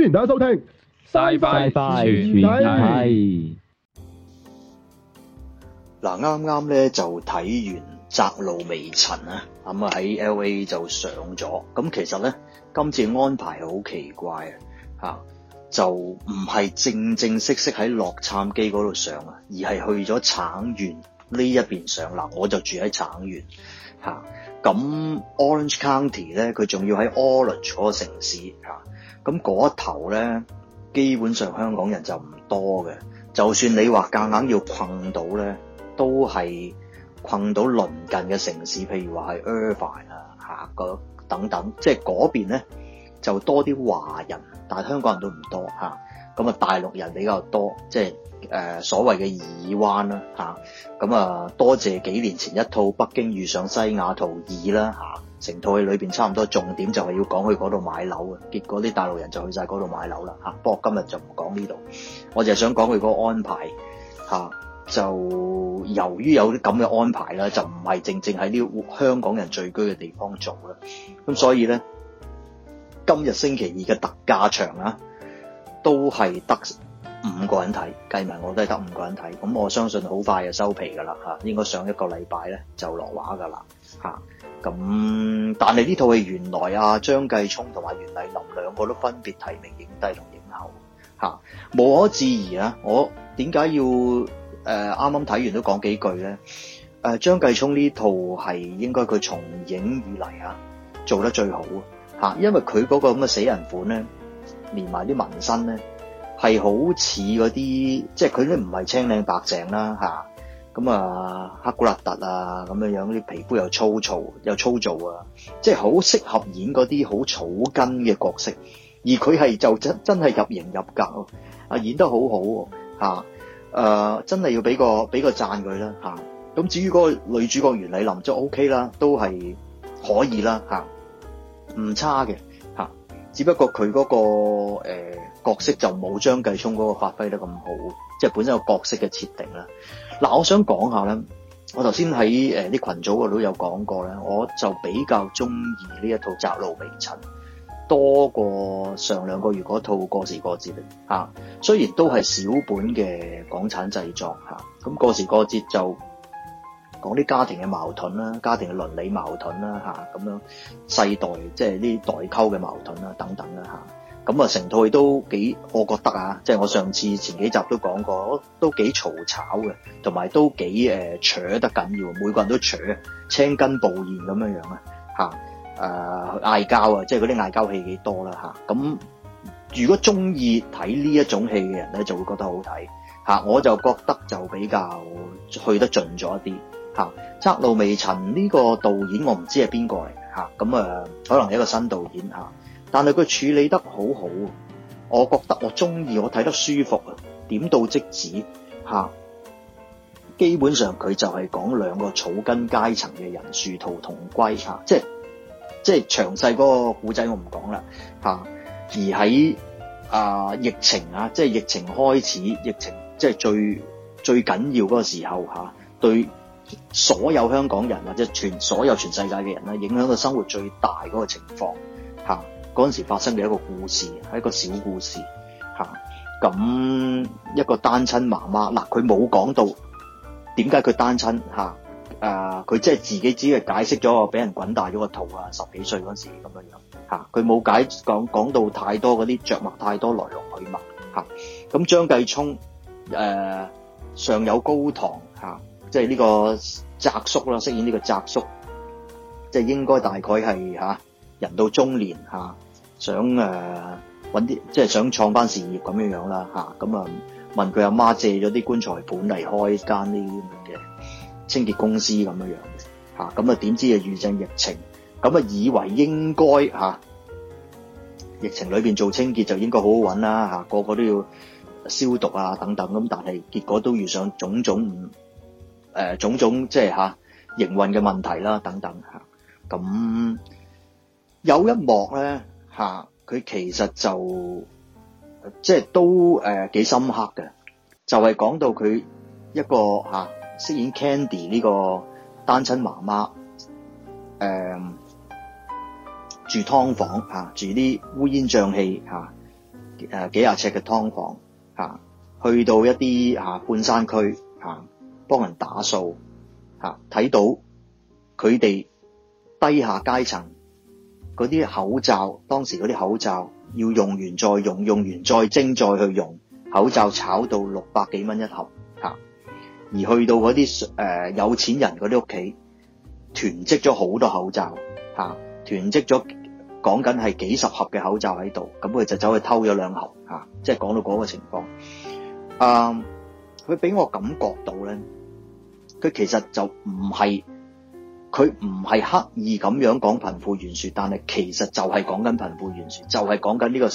歡迎大家收聽，拜拜拜拜。嗱拜，啱啱咧就睇完窄路微塵啊，咁啊喺 L A 就上咗。咁其實咧今次安排好奇怪啊，吓、啊、就唔係正正式式喺洛杉磯嗰度上啊，而係去咗橙園呢一邊上。嗱、啊，我就住喺橙園吓，咁、啊、Orange County 咧，佢仲要喺 Orange 嗰個城市吓。啊咁嗰一頭咧，基本上香港人就唔多嘅。就算你話夾硬，硬要困到咧，都係困到鄰近嘅城市，譬如話係 Irvine 啊，嚇等等，即係嗰邊咧就多啲華人，但係香港人都唔多嚇。咁啊，大陸人比較多，即係誒所謂嘅耳灣啦嚇。咁啊，多謝幾年前一套《北京遇上西雅圖二》啦。成套戲裏面差唔多重點就係要講去嗰度買樓，結果啲大陸人就去曬嗰度買樓啦嚇。不過今日就唔講呢度，我就係想講佢個安排嚇。就由於有啲咁嘅安排啦，就唔係正正喺呢香港人聚居嘅地方做啦。咁所以咧，今日星期二嘅特價場啊，都係得五個人睇，計埋我都係得五個人睇。咁我相信好快就收皮噶啦嚇，應該上一個禮拜咧就落畫噶啦嚇。咁，但係呢套係原來啊，張繼聰同埋袁澧林兩個都分別提名影帝同影后，吓、啊、無可置疑啊！我點解要誒，啱啱睇完都講幾句咧？誒、啊，張繼聰呢套係應該佢從影以嚟啊，做得最好啊！吓，因為佢嗰個咁嘅死人款咧，連埋啲紋身咧，係好似嗰啲，即係佢都唔係青靚白淨啦，吓、啊。咁啊，黑古拉特啊，咁樣樣啲皮膚又粗糙又粗糙啊，即係好適合演嗰啲好草根嘅角色，而佢係就真真係入型入格啊，演得好好喎，吓、啊，誒、啊，真係要俾個俾個讚佢啦，吓、啊，咁至於嗰個女主角袁澧林就 O K 啦，都係可以啦，吓、啊，唔差嘅，吓、啊，只不過佢嗰、那個誒、呃、角色就冇張繼聰嗰個發揮得咁好，即係本身個角色嘅設定啦。嗱，我想講下咧，我頭先喺誒啲羣組嗰度有講過咧，我就比較中意呢一套窄路微塵多過上兩個月嗰套過時過節啊。雖然都係小本嘅港產製作嚇，咁過時過節就講啲家庭嘅矛盾啦，家庭嘅倫理矛盾啦嚇，咁樣世代即係啲代溝嘅矛盾啦等等啦嚇。咁啊，成套戲都幾，我覺得啊，即係我上次前幾集都講過，都幾嘈吵嘅，同埋都幾扯、呃、得緊要，每個人都扯，青筋暴現咁樣樣啊，嚇、呃，誒嗌交啊，即係嗰啲嗌交戲幾多啦嚇。咁如果中意睇呢一種戲嘅人咧，就會覺得好睇、啊、我就覺得就比較去得盡咗一啲嚇。窄、啊、路微塵呢個導演我唔知係邊個嚟嚇。咁啊，啊可能係一個新導演、啊但係佢處理得好好，我覺得我中意，我睇得舒服啊！點到即止、啊、基本上佢就係講兩個草根階層嘅人殊途同歸，即係即係詳細嗰個故仔我唔講啦，而喺啊疫情啊，即係、啊啊疫、啊、疫情開始，疫情即係最最緊要嗰個時候、啊、對所有香港人或者全所有全世界嘅人咧，影響到生活最大嗰個情況、啊嗰陣時發生嘅一個故事，係一個小故事嚇。咁、啊、一個單親媽媽，嗱佢冇講到點解佢單親嚇。誒佢即係自己只係解釋咗，俾人滾大咗個肚啊，十幾歲嗰陣時咁樣樣嚇。佢、啊、冇解、啊、講,講到太多嗰啲著墨，太多來龍去脈嚇。咁、啊啊、張繼聰、啊、上有高堂嚇、啊，即係呢個翟叔啦，飾演呢個翟叔，即係應該大概係嚇人到中年想誒揾啲即係想創返事業咁樣樣啦嚇，咁啊問佢阿媽借咗啲棺材本嚟開間呢啲咁嘅清潔公司咁樣樣嘅，咁啊點知又遇正疫情，咁啊以為應該嚇、啊、疫情裏面做清潔就應該好好揾啦嚇，個個都要消毒啊等等咁，但係結果都遇上種種誒、呃、種種即係、啊、營運嘅問題啦等等嚇，咁、啊。有一幕咧，嚇、啊、佢其實就即係都誒幾、呃、深刻嘅，就係、是、講到佢一個嚇、啊、飾演 Candy 呢個單親媽媽誒住劏房嚇，住啲烏煙瘴氣嚇誒幾廿尺嘅劏房嚇、啊，去到一啲嚇、啊、半山區嚇幫人打掃嚇，睇、啊、到佢哋低下階層。嗰啲口罩，當時嗰啲口罩要用完再用，用完再蒸再去用，口罩炒到六百幾蚊一盒、啊、而去到嗰啲、呃、有錢人嗰啲屋企囤積咗好多口罩嚇，囤積咗講緊係幾十盒嘅口罩喺度，咁佢就走去偷咗兩盒嚇、啊，即係講到嗰個情況。誒、啊，佢俾我感覺到咧，佢其實就唔係。佢唔係刻意咁樣講貧富懸殊，但係其實就係講緊貧富懸殊，就係講緊呢個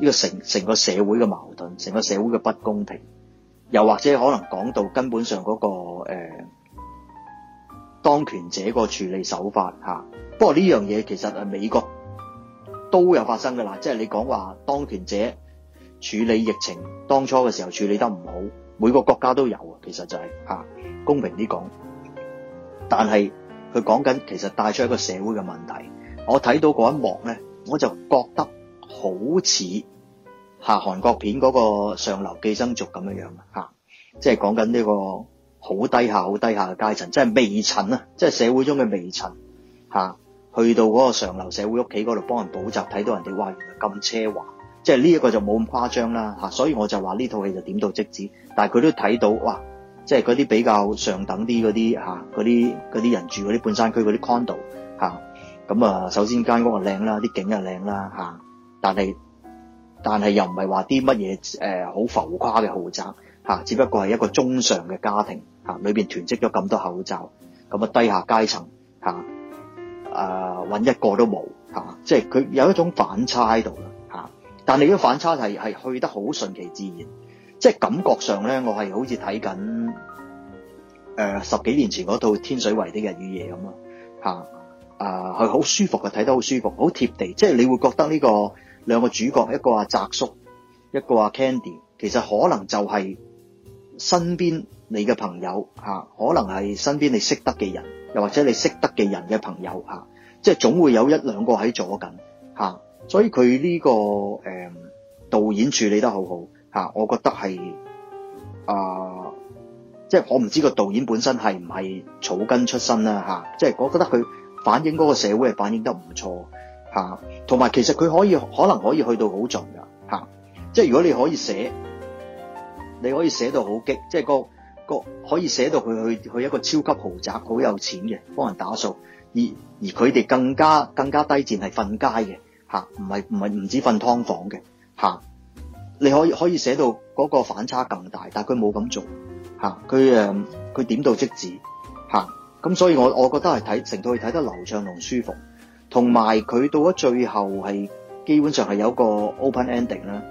呢個成成個社會嘅矛盾，成個社會嘅不公平，又或者可能講到根本上嗰個誒當權者，個處理手法吓，不過呢樣嘢其實誒美國都有發生噶啦，即係你講話當權者處理疫情當初嘅時候處理得唔好，每個國家都有啊。其實就係嚇公平啲講，但係。佢講緊其實帶出一個社會嘅問題，我睇到嗰一幕咧，我就覺得好似韓國片嗰個上流寄生族咁樣啊，即係講緊呢個好低下、好低下嘅階層，即係未層啊，即係社會中嘅微塵。去到嗰個上流社會屋企嗰度幫人補習，睇到人哋話原來咁奢華，即係呢一個就冇咁誇張啦，所以我就話呢套戲就點到即止，但係佢都睇到哇。即係嗰啲比較上等啲嗰啲嗰啲嗰啲人住嗰啲半山區嗰啲 condo 咁啊，啊首先間屋啊靚啦，啲、啊、景又靚啦，但係但係又唔係話啲乜嘢誒好浮誇嘅豪宅嚇，只不過係一個中上嘅家庭裏、啊、面囤積咗咁多口罩，咁啊低下階層嚇，啊揾、啊、一個都冇、啊、即係佢有一種反差喺度啦，但係呢個反差係係去得好順其自然。即係感覺上咧，我係好似睇緊誒十幾年前嗰套《天水圍的日與夜》咁、嗯、啊！嚇、呃、啊，係好舒服嘅，睇得好舒服，好貼地。即係你會覺得呢個兩個主角，一個阿澤叔，一個阿 Candy，其實可能就係身邊你嘅朋友、嗯、可能係身邊你識得嘅人，又或者你識得嘅人嘅朋友、嗯、即係總會有一兩個喺咗緊嚇，所以佢呢、個誒、嗯、導演處理得好好。嚇！我覺得係啊、呃，即係我唔知道個導演本身係唔係草根出身啦嚇、啊。即係我覺得佢反映嗰個社會係反映得唔錯嚇。同、啊、埋其實佢可以可能可以去到好盡㗎嚇。即係如果你可以寫，你可以寫到好激，即係個個可以寫到佢去去一個超級豪宅，好有錢嘅幫人打掃，而而佢哋更加更加低賤係瞓街嘅嚇，唔係唔係唔止瞓劏房嘅嚇。啊。你可以可以寫到嗰個反差更大，但係佢冇咁做，佢佢點到即止，嚇咁所以我我覺得係睇成套戲睇得流暢同舒服，同埋佢到咗最後係基本上係有個 open ending 啦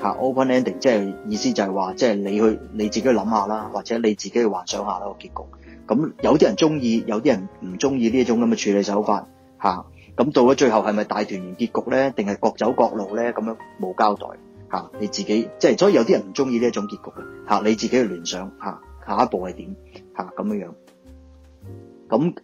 Yeah.，open ending 即係意思就係話即係你去你自己去諗下啦，或者你自己去幻想下啦個結局。咁有啲人中意，有啲人唔中意呢一種咁嘅處理手法，嚇咁到咗最後係咪大團圓結局咧，定係各走各路咧？咁樣冇交代。吓、啊、你自己，即係所以有啲人唔中意呢一種結局嘅吓、啊，你自己去聯想吓、啊、下一步係點吓咁樣樣。咁、啊、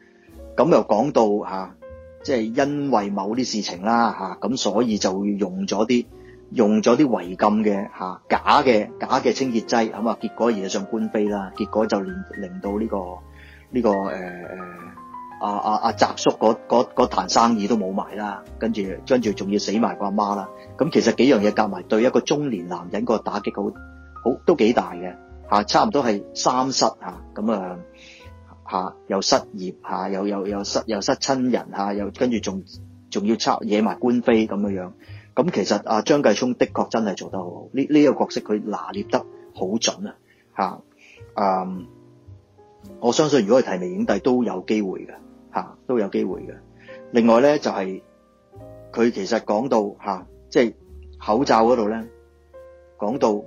咁、啊、又講到吓，即、啊、係、就是、因為某啲事情啦吓，咁、啊、所以就用咗啲用咗啲違禁嘅吓、啊、假嘅假嘅清潔劑，咁啊結果惹上官非啦，結果就令令到呢、這個呢、這個誒誒、呃啊啊、阿阿阿澤叔嗰嗰壇生意都冇埋啦，跟住跟住仲要死埋個阿媽啦。咁其實幾樣嘢夾埋，對一個中年男人個打擊好好都幾大嘅，差唔多係三失，嚇咁啊，啊，啊又失業嚇、啊，又又又失又失親人嚇、啊，又跟住仲仲要插惹埋官非咁樣咁、啊、其實阿張繼聰的確真係做得好好，呢呢、呢個角色佢拿捏得好準啊，啊我相信如果去提名影帝啊，都有機會嘅都有機會嘅。另外咧就係、是、佢其實講到、啊即係口罩嗰度咧，講到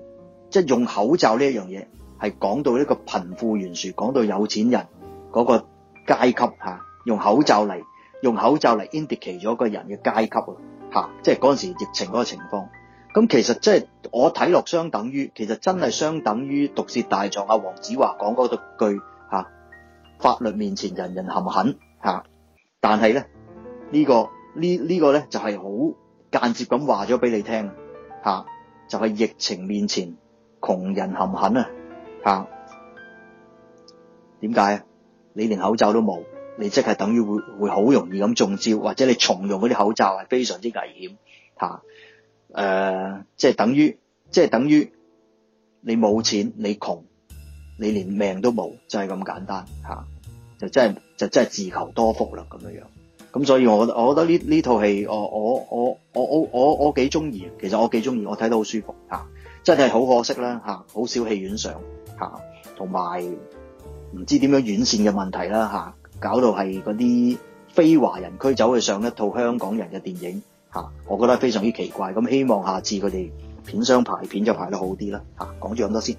即係用口罩呢一樣嘢，係講到呢個貧富懸殊，講到有錢人嗰個階級吓、啊，用口罩嚟，用口罩嚟 indicate 咗個人嘅階級啊吓，即係嗰陣時疫情嗰個情況。咁、啊、其實即、就、係、是、我睇落相等於，其實真係相等於毒舌大狀阿黃子華講嗰句吓、啊，法律面前人人含狠吓、啊，但係咧呢、這個呢呢、這個咧就係好。間接咁話咗俾你聽，吓就係、是、疫情面前，窮人含狠啊，吓點解啊？你連口罩都冇，你即係等於會會好容易咁中招，或者你重用嗰啲口罩係非常之危險，吓、呃、誒，即、就、係、是、等於即係、就是、等於你冇錢，你窮，你連命都冇，就係、是、咁簡單吓，就真係就真、是、係自求多福啦，咁樣樣。咁所以，我我覺得呢呢套戲，我我我我我我幾中意。其實我幾中意，我睇得好舒服吓、啊，真係好可惜啦吓，好少戲院上吓，同埋唔知點樣院線嘅問題啦吓、啊，搞到係嗰啲非華人區走去上一套香港人嘅電影吓、啊，我覺得非常之奇怪。咁希望下次佢哋片商排片就排得好啲啦吓。講咗咁多先，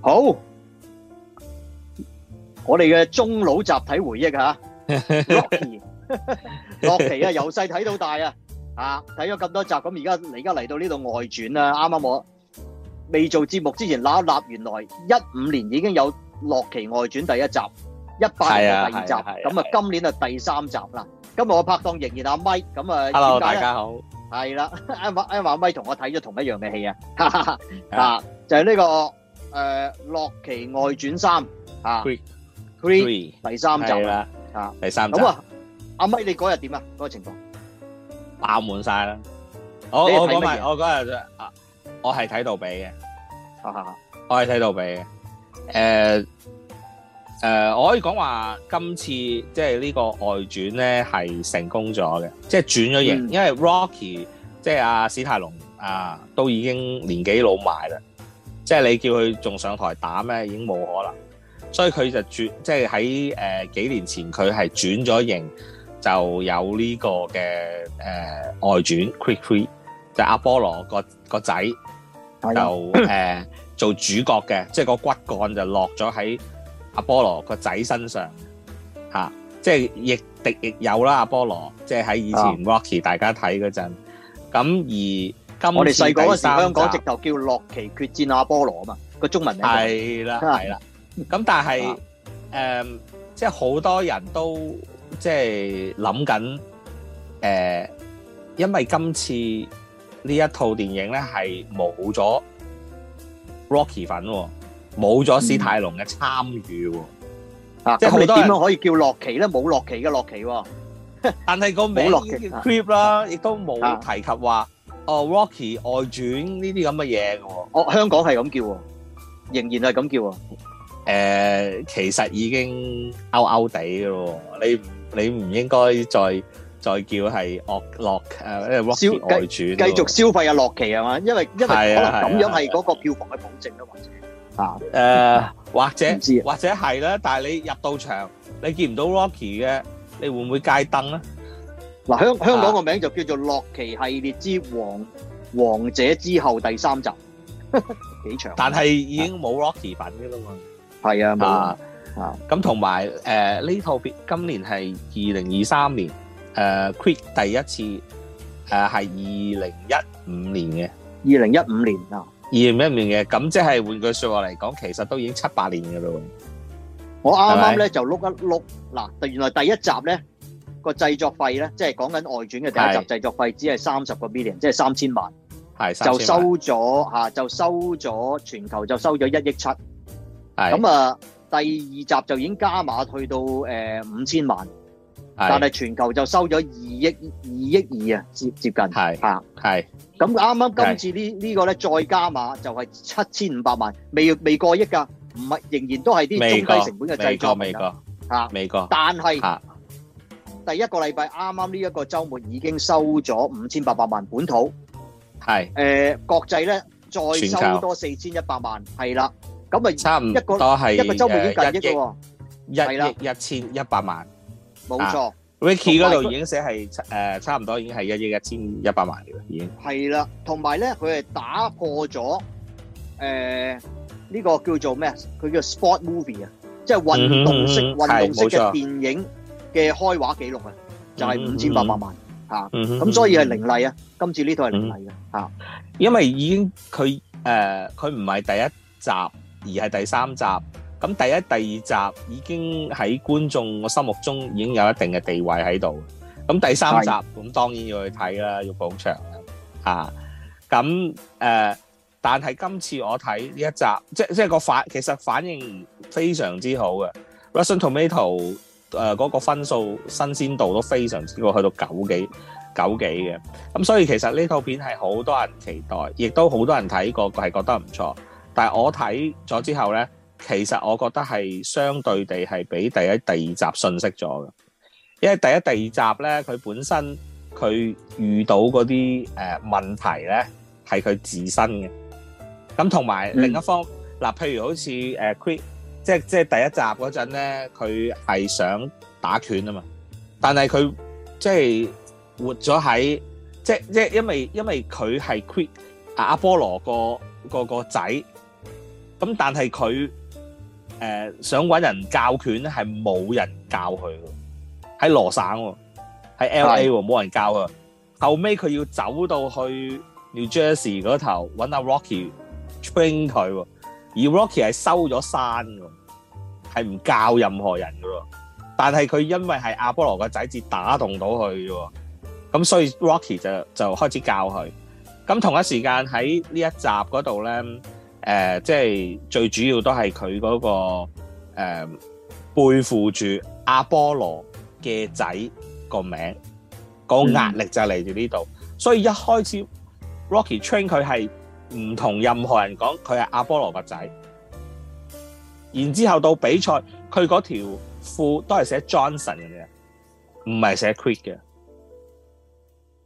好。我哋嘅中老集體回憶啊，洛奇，洛奇啊，由細睇到大啊，啊睇咗咁多集，咁而家嚟而家嚟到呢度外傳啦，啱啱我未做節目之前，嗱嗱，原來一五年已經有洛奇外傳第一集，一八年第二集，咁啊今年就第三集啦，今日我拍檔仍然阿 Mike，咁啊，hello 大家好，係啦，阿阿 Mike 同我睇咗同一樣嘅戲啊，啊就係呢個誒洛奇外傳三啊。第三集啦，啊，第三集。咁啊，阿咪你嗰日點啊？嗰個情況爆滿晒啦。我我我我嗰日啊，我係睇杜比嘅。啊啊啊！我係睇杜比嘅。誒誒，我可以講話今次即係呢個外傳咧係成功咗嘅，即係轉咗型。因為 Rocky 即係阿史泰龍啊都已經年紀老邁啦，即係你叫佢仲上台打咩，已經冇可能。所以佢就轉，即係喺誒幾年前佢係轉咗型，就有呢個嘅誒外傳 Quick Quick，就是、阿波羅、那個個仔就誒的、呃、做主角嘅，即、就、係、是、個骨幹就落咗喺阿波羅個仔身上，吓即係亦敵亦有啦，阿、啊、波羅即係喺以前 Rocky 大家睇嗰陣。咁而今我哋細個嗰時香港直頭叫《洛奇決戰阿、啊、波羅》啊嘛，個中文名。係啦，係啦。 咁、嗯、但係，誒、嗯，即係好多人都即係諗緊，誒、嗯，因為今次呢一套電影咧係冇咗 Rocky 粉，冇咗史泰龍嘅參與，啊，即係你點樣可以叫洛奇咧？冇洛奇嘅洛奇，但係個名，Clip 啦，亦都冇提及話，啊、哦，Rocky 外傳呢啲咁嘅嘢喎。香港係咁叫，仍然係咁叫喎。誒，其實已經 out out 地嘅咯，你你唔應該再再叫係洛洛呃，消繼繼續消費呀洛奇係嘛？因為因為可能咁樣係嗰個票房嘅保證呀，或者吓誒，或者唔知或者係咧，但係你入到場，你見唔到洛奇嘅，你會唔會戒櫈咧？嗱，香香港個名就叫做洛奇系列之王，王者之後第三集幾長，但係已經冇洛奇品嘅啦嘛。係啊，啊，咁同埋誒，呢套片今年係二零二三年，誒，Creed 第一次誒係二零一五年嘅，二零一五年啊，二零一五年嘅，咁即係換句說話嚟講，其實都已經七八年噶啦。我啱啱咧就碌一碌，嗱，原來第一集咧個製作費咧，即係講緊外傳嘅第一集製作費，只係三十個 million，即係三千萬，係就收咗吓，就收咗全球就收咗一億七。咁啊是，第二集就已經加碼去到誒五千萬，是但係全球就收咗二億二億二啊，接接近，係嚇是，係是。咁啱啱今次呢是呢個呢呢個咧再加碼就係七千五百萬，未未過億㗎，唔係仍然都係啲中低成本嘅製作，未過嚇，未過。但係是是第一個禮拜啱啱呢一個週末已經收咗五千八百萬本土，係誒是、呃、國際咧再收多四千一百萬，係啦球。咁咪差唔多係一個周末已經近億嘅喎，一億一千一百萬，冇錯。Ricky 嗰度已經寫係差唔多已經係一億一千一百萬嘅，已經。係啦，同埋咧，佢係打破咗呢個叫做咩？佢叫 Sport Movie 啊，即係運動式運動式嘅電影嘅開畫記錄啊，就係五千八百萬。咁所以係凌厲啊，今次呢套係凌厲嘅，因為已經佢佢唔係第一集。而係第三集，咁第一、第二集已經喺觀眾心目中已經有一定嘅地位喺度。咁第三集，咁對當然要去睇啦，要捧場啊。咁誒、呃，但係今次我睇呢一集，即係即係個反，其實反應非常之好嘅。 Russian Tomato 誒、呃、嗰、那個分數新鮮度都非常之高，去到九幾九幾嘅。咁所以其實呢套片係好多人期待，亦都好多人睇過係覺得唔錯，但係我睇咗之後咧，其實我覺得係相對地係比第一、第二集遜色咗嘅，因為第一、第二集咧，佢本身佢遇到嗰啲誒問題咧，係佢自身嘅。咁同埋另一方，嗱、嗯，譬如好似誒 Creed，即係即係第一集嗰陣咧，佢係想打拳啊嘛，但係佢即係活咗喺即即因為因為佢係 Creed 阿阿波羅個個個個仔。咁但係佢誒想搵人教拳咧，係冇人教佢喎。喺羅省喎、啊，喺 LA 喎、啊，冇人教佢。嗯、後尾佢要走到去 New Jersey 嗰頭搵阿 Rocky train 佢、啊，而 Rocky 係收咗山嘅，係唔教任何人㗎喎、啊。但係佢因為係阿波羅個仔至打動到佢嘅、啊，咁所以 Rocky 就就開始教佢。咁同一時間喺呢一集嗰度咧。誒、呃，即係最主要都係佢嗰個、呃、背負住阿波羅嘅仔個名，個壓力就嚟住呢度。嗯、所以一開始 Rocky Train 佢係唔同任何人講佢係阿波羅個仔，然之後到比賽佢嗰條褲都係寫 Johnson 嘅，唔係寫 Creed 嘅，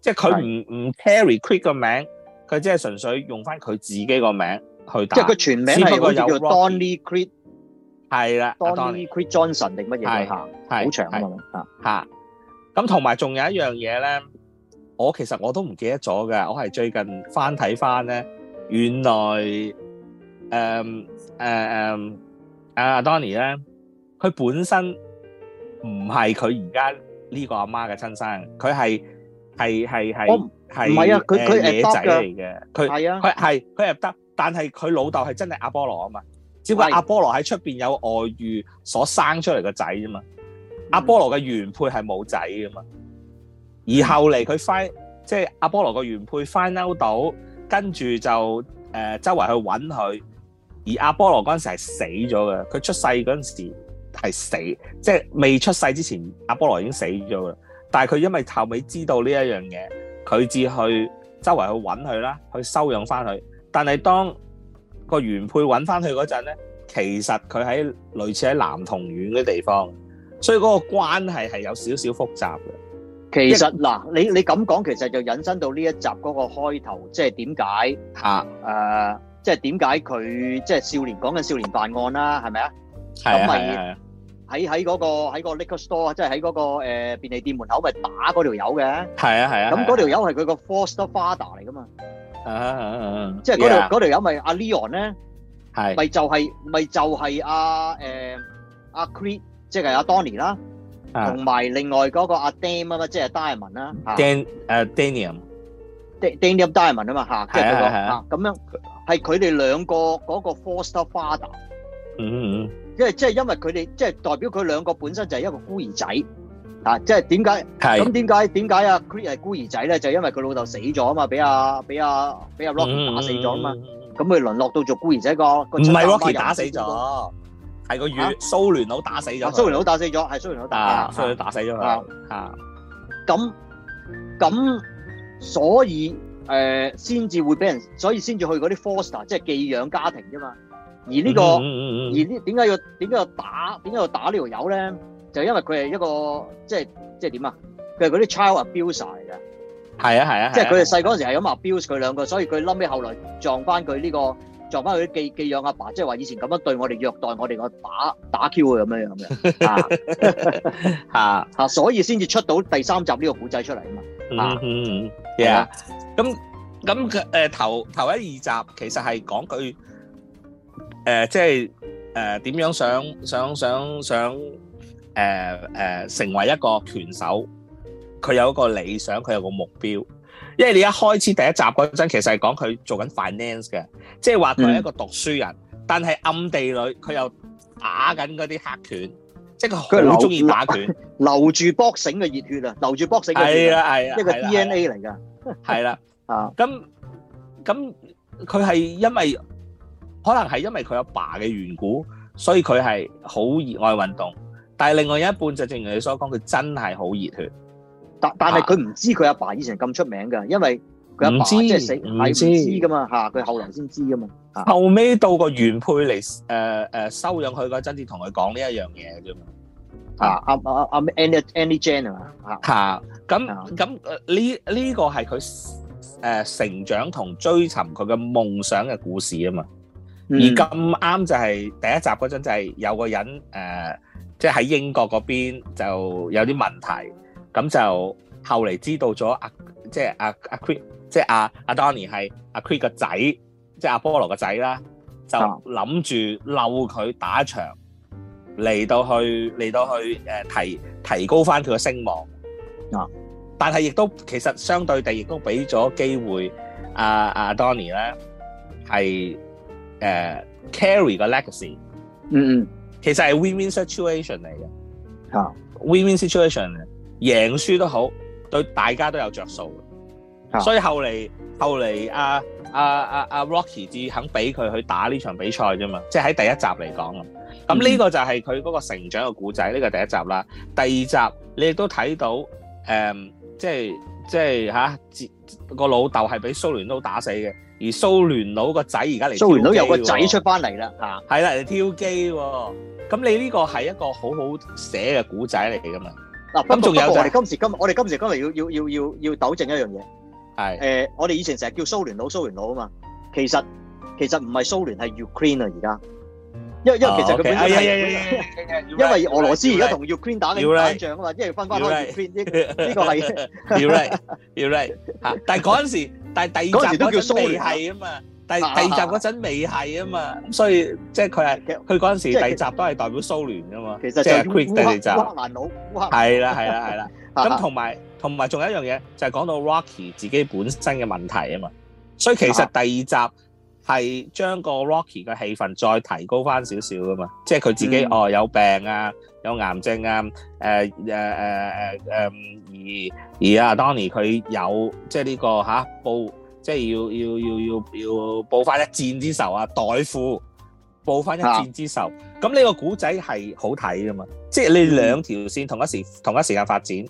即係佢唔唔 carry Creed 個名，佢即係純粹用翻佢自己個名。佢即係佢全名係嗰啲叫 Donny Creed，係啦。Donny Creed Johnson 定乜嘢啊？好長啊吓。咁同埋仲有一樣嘢咧，我其實我都唔記得咗嘅。我係最近翻睇翻咧，原來誒誒誒阿 Donny 咧，佢本身唔係佢而家呢個阿媽嘅親生，佢係係係係係唔係啊？佢佢係野仔嚟嘅，佢係啊，佢係佢入得。但係佢老豆係真係阿波羅啊嘛，只不過阿波羅喺出邊有外遇所生出嚟個仔啫嘛。阿波羅嘅原配係冇仔噶嘛，而後嚟佢 find 即係阿波羅個原配 find out 到，跟住就、呃、周圍去揾佢。而阿波羅嗰陣時係死咗嘅，佢出世嗰陣時係死，即係未出世之前阿波羅已經死咗啦。但係佢因為後尾知道呢一樣嘢，佢至去周圍去揾佢啦，去收養翻佢。但係當個原配揾翻去嗰陣咧，其實佢喺類似喺男童院嗰啲地方，所以嗰個關係係有少少複雜嘅。其實嗱，你你咁講，其實就引申到呢一集嗰個開頭，即係點解嚇誒？即係點解佢即係少年講緊少年犯案啦？係咪啊？咁咪喺喺嗰個喺個 liquor store，即係喺嗰個誒便利店門口，咪打嗰條友嘅？係啊係啊！咁嗰條友係佢個 foster father 嚟噶嘛？啊！即係嗰條嗰條友咪阿 Leon 咧，係咪就係咪就係阿誒阿 Creed 即係阿 Donny 啦，同埋另外嗰個阿 Dame 啊嘛，即係 Diamond 啦。Dam 誒，Danie，Danie Diamond 啊嘛，吓。係啊係啊。咁樣係佢哋兩個嗰個 Foster Father。嗯嗯嗯。即係即係，因為佢哋即係代表佢兩個本身就係一個孤兒仔。啊！即係點解？咁點解？點解啊？Creed 係孤兒仔咧，就因為佢老豆死咗啊嘛，俾阿俾阿俾阿 Rocky 打死咗啊嘛，咁佢淪落到做孤兒仔個。唔係 Rocky 打死咗，係個月蘇聯佬打死咗。蘇聯佬打死咗，係蘇聯佬打蘇打死咗佢。嚇咁咁，所以誒先至會俾人，所以先至去嗰啲 foster，即係寄養家庭啫嘛。而呢個而呢點解要點解要打點解要打呢條友咧？就因為佢係一個即係即係點啊？佢係嗰啲 child abuser 嚟㗎。係啊係啊，即係佢哋細嗰陣時係咁啊，abuse 佢兩個，所以佢冧尾後來撞翻佢呢個撞翻佢啲寄寄養阿爸，即係話以前咁樣對我哋虐待我哋個打打 Q 啊咁樣樣嘅，嚇嚇，所以先至出到第三集呢個古仔出嚟啊嘛嚇嗯係啊，咁咁佢誒頭頭一二集其實係講佢誒即係誒點樣想想想想。誒誒，成為一個拳手，佢有一個理想，佢有個目標。因為你一開始第一集嗰陣，其實係講佢做緊 finance 嘅，即係話佢係一個讀書人，但係暗地裏佢又打緊嗰啲客拳，即係佢好中意打拳，留住 boxing 嘅熱血啊，留住 boxing 嘅係啦係啦，呢個 D N A 嚟噶係啦啊。咁咁，佢係因為可能係因為佢阿爸嘅緣故，所以佢係好熱愛運動。但係另外一半就正如你所講，佢真係好熱血，但但係佢唔知佢阿爸爸以前咁出名噶，因為佢阿爸爸不知即係死唔知噶嘛吓，佢後嚟先知噶嘛。後尾到個原配嚟誒誒收養佢嗰陣，至同佢講呢一樣嘢啫嘛啊。啊，阿阿阿 Andy Jane 啊、呃、嘛，吓咁咁呢呢個係佢誒成長同追尋佢嘅夢想嘅故事啊嘛。而咁啱就係第一集嗰陣就係有個人誒。呃即係喺英國嗰邊就有啲問題，咁就後嚟知道咗阿即係阿阿 Creed 即係阿阿 Donny 係阿 Creed 個仔，即係阿，阿，阿，阿，阿波羅個仔啦，就諗住嬲佢打場，嚟到去嚟到去誒提提高翻佢嘅聲望。啊！但係亦都其實相對地亦都俾咗機會阿阿 Donny 咧，係誒、呃、carry 個 legacy。嗯嗯。其實係 win-win situation 嚟嘅，吓，win-win situation，贏輸都好，對大家都有着數。啊、所以後嚟後嚟阿阿阿阿 Rocky 至肯俾佢去打呢場比賽啫嘛，即係喺第一集嚟講咁。咁呢個就係佢嗰個成長嘅故仔，呢、嗯、個第一集啦。第二集你亦都睇到，誒、嗯，即係即係吓，個老豆係俾蘇聯都打死嘅。而蘇聯佬個仔而家嚟，蘇聯佬有個仔出翻嚟啦嚇，係啦嚟挑機喎。咁你呢個係一個好好寫嘅古仔嚟㗎嘛。嗱，咁仲有就係今時今，我哋今時今日要要要要要糾正一樣嘢。係誒，我哋以前成日叫蘇聯佬蘇聯佬啊嘛，其實其實唔係蘇聯，係 Ukraine 啊而家，因為因為其實佢本身因為俄羅斯而家同 Ukraine 打嚟打仗啊嘛，一係分翻 Ukraine 呢個位置。You're right, you're right，嚇，但係嗰陣時。但係第二集嗰陣未係啊嘛，第、啊、第二集嗰陣未係啊嘛，咁、啊、所以、嗯、即係佢係佢嗰陣時第二集都係代表蘇聯噶嘛，其實是即係 quick 第二集。係啦係啦係啦，咁同埋同埋仲有一樣嘢就係、是、講到 Rocky 自己本身嘅問題啊嘛，所以其實第二集係將個 Rocky 嘅氣氛再提高翻少少噶嘛，即係佢自己、嗯、哦有病啊，有癌症啊，誒誒誒誒誒。呃呃呃而而他、這個、啊 Donny 佢有即係呢個吓報，即係要要要要要報翻一箭之仇啊，代父報翻一箭之仇。咁呢、啊、個古仔係好睇噶嘛，即係你兩條線同一時、嗯、同一時間發展，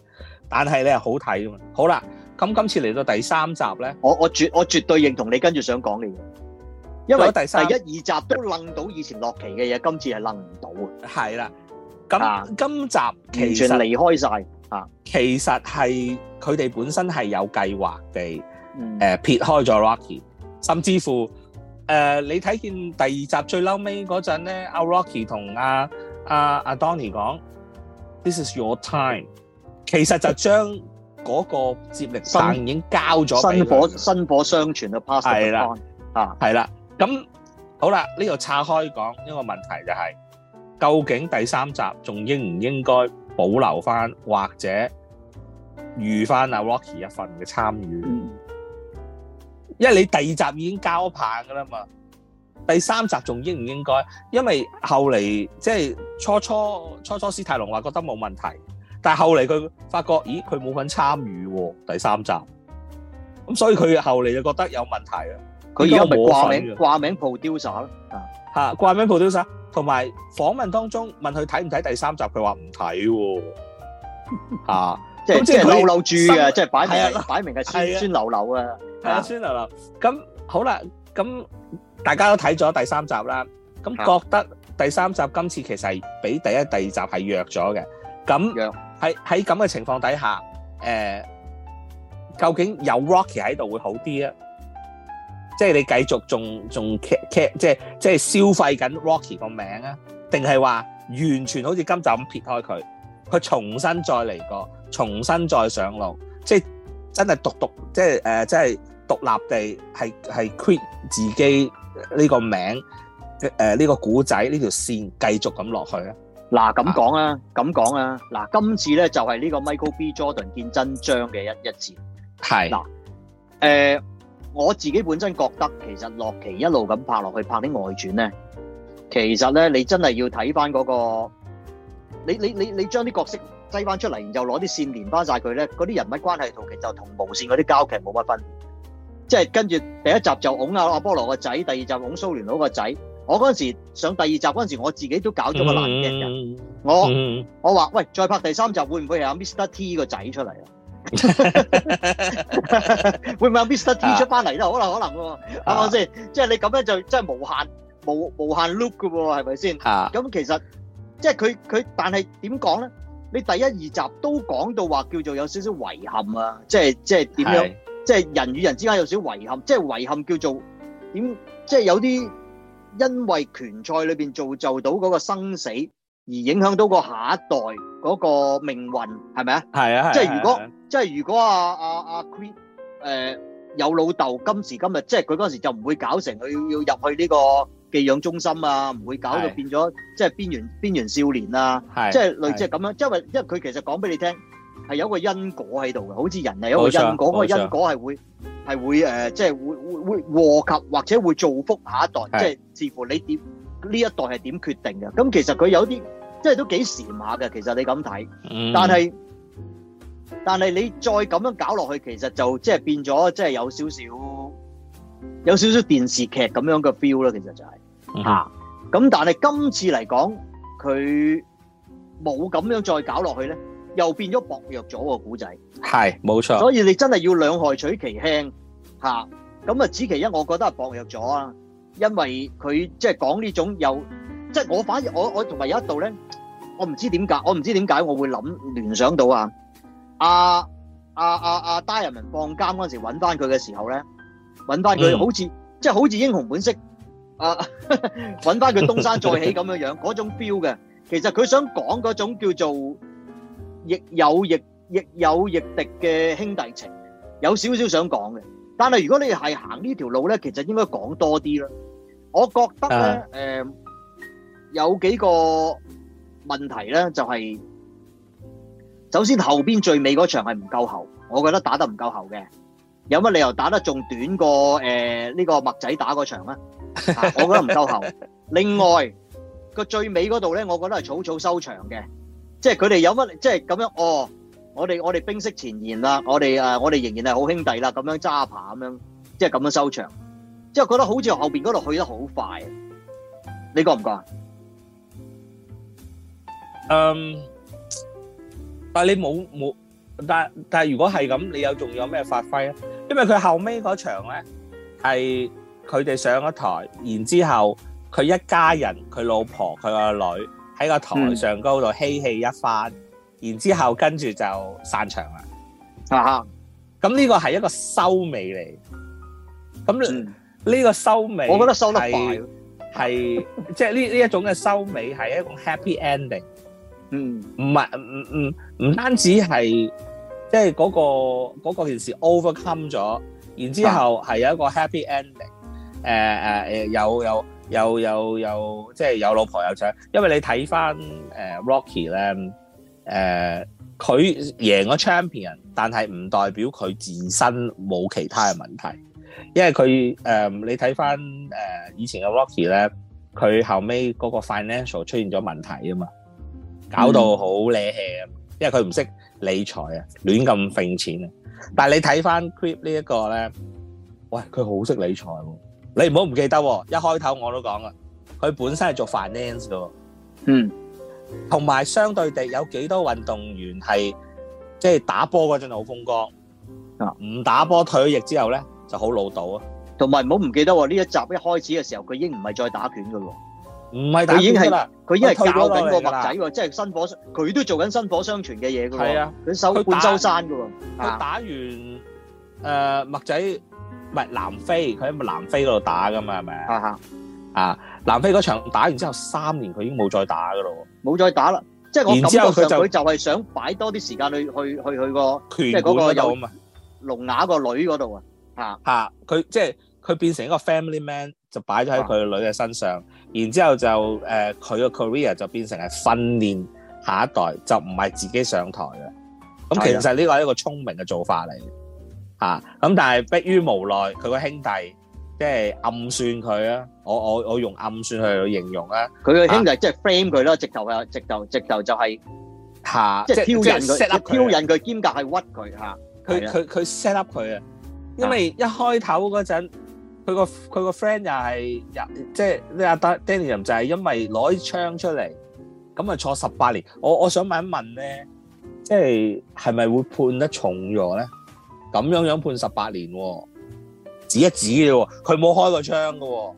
但係你係好睇噶嘛？好啦，咁今次嚟到第三集咧，我我絕我絕對認同你跟住想講嘅嘢，因為第一，第三第一二集都掹到以前洛奇嘅嘢，今次係掹唔到啊。係啦，咁今集其實完全離開晒。啊，其實係佢哋本身係有計劃地誒撇開咗 Rocky，甚至乎誒你睇見第二集最嬲尾嗰陣咧，阿 Rocky 同阿阿阿 Donny 講 This is your time，其實就將嗰個接力棒已經交咗俾佢，新火新火相傳啊，pass 咗啦啊，係啦，咁好啦，呢度岔開講一個問題就係，究竟第三集仲應唔應該？保留翻，或者預翻阿 Rocky 一份嘅參與，嗯、因為你第二集已經交棒噶啦嘛，第三集仲應唔應該？因為後嚟即係初初初初，史泰龍話覺得冇問題，但係後嚟佢發覺，咦佢冇份參與第三集，咁所以佢後嚟就覺得有問題他他啊！佢而家咪掛名掛名 producer 咯，吓掛名 producer。同埋訪問當中問佢睇唔睇第三集，佢話唔睇喎嚇，即係即係嬲嬲豬嘅，即係擺明擺明係酸酸溜溜啊，係啊酸溜溜。咁好啦，咁大家都睇咗第三集啦，咁覺得第三集今次其實係比第一、第二集係弱咗嘅。咁，喺喺咁嘅情況底下，誒，究竟有 Rocky 喺度會好啲啊？即係你繼續仲仲 keep keep 即係即係消費緊 Rocky 個名啊？定係話完全好似今集咁撇開佢，佢重新再嚟過，重新再上路，即係真係獨獨，即係誒、呃，即係獨立地係係 quit 自己呢個名誒呢、呃呢個古仔呢條線繼續咁落去咧啊？嗱咁講啊，咁講啊，嗱、啊、今次咧就係呢個 Michael B Jordan 見真章嘅一一次。係嗱誒。我自己本身覺得，其實洛奇一路咁拍落去拍啲外傳咧，其實咧你真係要睇翻嗰個，你你你你將啲角色擠翻出嚟，然後攞啲線連翻晒佢咧，嗰啲人物關係圖其就同無線嗰啲膠劇冇乜分別。即係跟住第一集就拱阿阿波羅個仔，第二集拱蘇聯佬個仔。我嗰陣時上第二集嗰陣時，我自己都搞咗個爛嘅，我我話喂，再拍第三集會唔會又有 Mr T 個仔出嚟啊？會唔會阿 Mr. T 出翻嚟都可能可能喎，係咪先？即係你咁樣就真係無限無無限 loop 嘅喎，係咪先？啊！咁其實即係佢佢但係點講咧？你第一二集都講到話叫做有少少遺憾啊！即係即係點樣？即係人與人之間有少少遺憾，即係遺憾叫做點？即係有啲因為拳賽裏邊造就到嗰個生死，而影響到個下一代嗰個命運，係咪啊？係啊！即係如果。即係如果啊啊啊 Creed 誒有老豆，今時今日即係佢嗰陣時就唔會搞成佢要要入去呢個寄養中心啊，唔會搞到變咗即係邊緣邊緣少年啦，即係類似咁樣。因為因為佢其實講俾你聽係有一個因果喺度嘅，好似人係有一個因果，個因果係會係會誒，即係會會會禍及或者會造福下一代，即係視乎你點呢一代係點決定嘅。咁其實佢有啲即係都幾禪下嘅，其實你咁睇，但係。但係你再咁樣搞落去，其實就即係變咗，即係有少少有少少電視劇咁樣嘅 feel 啦。其實就係吓，咁但係今次嚟講，佢冇咁樣再搞落去咧，又變咗薄弱咗個古仔。係冇錯，所以你真係要兩害取其輕吓。咁啊，此其一，我覺得係薄弱咗啊，因為佢即係講呢種又即係我反而我我同埋有一度咧，我唔知點解我唔知點解我會諗聯想到啊。阿阿阿阿戴人民放監嗰時，揾翻佢嘅時候咧，揾翻佢好似即係好似英雄本色，阿揾翻佢東山再起咁樣樣嗰種 feel 嘅。其實佢想講嗰種叫做亦友亦亦友亦敵嘅兄弟情，有少少想講嘅。但係如果你係行呢條路咧，其實應該講多啲啦。我覺得咧，誒，有幾個問題咧，就係。首先後邊最尾嗰場係唔夠喉，我覺得打得唔夠喉嘅，有乜理由打得仲短過誒呢個麥仔打嗰場咧？我覺得唔夠喉。另外個最尾嗰度咧，我覺得係草草收場嘅，即係佢哋有乜即係咁樣哦？我哋我哋冰釋前嫌啦，我哋誒我哋仍然係好兄弟啦，咁樣揸扒咁樣，即係咁樣收場，即係覺得好似後邊嗰度去得好快，你覺唔覺啊？嗯。但你冇冇，但但係如果係咁，你又仲有咩發揮咧？因為佢後尾嗰場咧，係佢哋上咗台，然之後佢一家人、佢老婆、佢個女喺個台上高度嬉戲一番，然之後跟住就散場啦。啊哈！咁呢個係一個收尾嚟。咁呢個收尾，我覺得收得快，係即係呢呢一種嘅收尾係一種 happy ending。嗯，唔係唔唔唔單止係即係嗰個嗰個件事 overcome 咗，然之後係有一個 happy ending，呃。誒有有有有有，即係有老婆有仔。因為你睇翻誒 Rocky 咧，誒、呃、佢贏咗 champion，但係唔代表佢自身冇其他嘅問題，因為佢誒、呃、你睇翻誒以前嘅 Rocky 咧，佢後尾嗰個 financial 出現咗問題啊嘛。搞到好叻啊！嗯、因為佢唔識理財啊，亂咁揈錢啊。但你睇翻 Creed 呢一個咧，喂，佢好識理財喎。你唔好唔記得，一開頭我都講啦，佢本身係做 finance 喎。嗯，同埋相對地有幾多運動員係即係打波嗰陣好風光，唔、啊、打波退咗役之後咧就好潦倒啊。同埋唔好唔記得呢一集一開始嘅時候，佢已經唔係再打拳㗎喎。唔係，佢已經係，佢已經係教緊個墨仔喎，即係薪火相，佢都做緊薪火相傳嘅嘢嘅喎。係啊，佢手半收山嘅喎。佢打完誒墨仔唔係南非，佢喺南非嗰度打嘅嘛，係咪啊？啊，南非嗰場打完之後三年佢已經冇再打嘅咯，冇再打啦。即係我感覺上佢就係想擺多啲時間去去去去個，即係嗰個有聾啞個女嗰度啊！啊，佢即係。佢變成一個 family man 就擺咗喺佢個女嘅身上，啊、然之後就誒佢、呃、個 career 就變成係訓練下一代，就唔係自己上台。咁其實呢個係一個聰明嘅做法嚟，咁、啊、但係迫於無奈，佢個兄弟即係暗算佢啊！我我我用暗算去形容啦。佢個兄弟、啊、即係 frame 佢囉，直頭啊，直頭直頭就係、吓啊、即係挑引佢 set up 佢，挑引佢兼夾係屈佢佢佢佢 set up 佢啊！因為一開頭嗰陣。佢個佢個 friend 又係又即係呢，阿 Daniel 就係、是就是、因為攞槍出嚟，咁啊坐十八年。我我想問一問咧，即係係咪會判得重咗咧？咁樣樣判十八年喎，指一指嘅喎，佢冇開過槍嘅喎，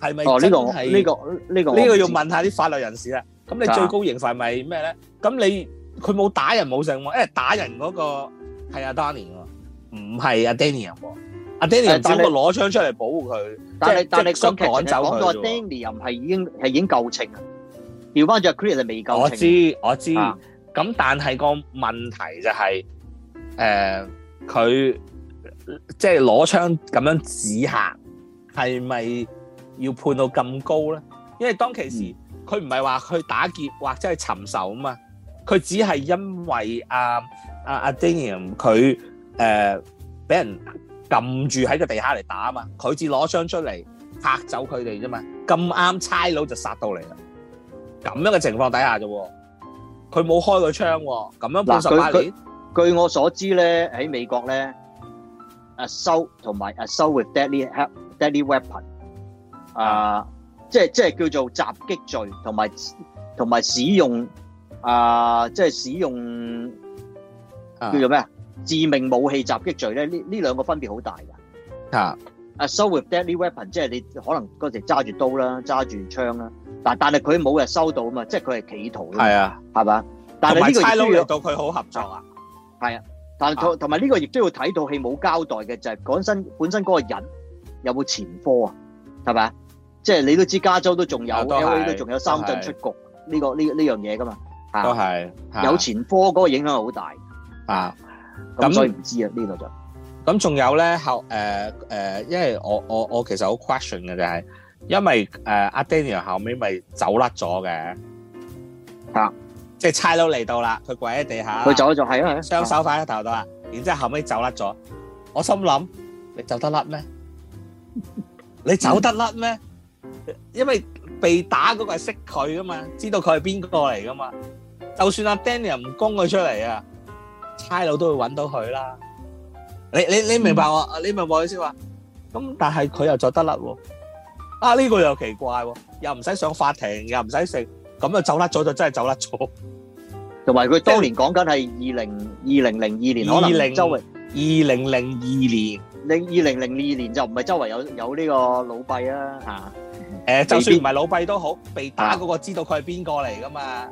係咪真係呢、哦這個呢、這個呢、這個、個要問下啲法律人士啦。咁你最高刑罰係咩咧？咁你佢冇打人冇成喎，因為、哎、打人嗰個係阿 Daniel 喎，唔係阿 Daniel。阿 Danny 個攞槍出嚟保護佢，但係但係想趕走佢。講到阿 Danny 又唔係已經係已經夠情啊，調翻轉啊，Creed 係未夠情。我知我知，咁、啊、但係個問題就係、是，誒、呃，佢即係攞槍咁樣指下，係咪要判到咁高咧？因為當其時佢唔係話去打劫或者係尋仇啊嘛，佢只係因為阿阿阿 Danny 佢誒俾人。撳住喺個地下嚟打嘛，佢至攞槍出嚟拍走佢哋啫嘛，咁啱差佬就殺到嚟啦。咁樣嘅情況底下啫，佢冇開個槍、啊。咁樣判十八年據據。據我所知咧，喺美國咧，啊，Assault 同埋啊，Assault with deadly help, deadly weapon，啊、嗯呃，即係即係叫做襲擊罪，同埋同埋使用啊、呃，即係使用叫做咩啊？致命武器襲擊罪咧，呢呢兩個分別好大噶。啊，啊，so with deadly weapon，即係你可能嗰時揸住刀啦，揸住槍啦。但係佢冇人收到嘛，即係佢係企圖。係啊，係嘛？但係呢個亦都要到佢好合作啊。係啊，但同同埋呢個亦都要睇套戲冇交代嘅就係講身本身嗰個人有冇前科啊？係咪？即係你都知加州都仲有、啊、都，LA 都仲有三振出局呢、啊啊這個呢呢樣嘢噶嘛？啊、都係、啊、有前科嗰個影響係好大啊。咁所以唔知啊，呢度就咁仲有咧後誒誒，因為我我我其實好 question 嘅就係，因為誒阿 Daniel 後尾咪走甩咗嘅，係啊，即係差佬嚟到啦，佢跪喺地下，佢走咗就係啊，雙手反喺頭度啊，然之後後尾走甩咗，我心諗你走得甩咩？你走得甩咩？因為被打嗰個係識佢噶嘛，知道佢係邊個嚟噶嘛，就算阿 Daniel 唔供佢出嚟啊。差佬都會揾到佢啦，你你你明白我？你明白我意思話，咁但係佢又做得甩喎，啊呢個又奇怪喎，又唔使上法庭，又唔使食，咁啊走甩咗就真係走甩咗。同埋佢當年講緊係二零二零零二年，可能周圍二零零二年，二零零二年就唔係周圍有有呢個老闆啊嚇，誒就算唔係老闆都好，被打嗰個知道佢係邊個嚟噶嘛。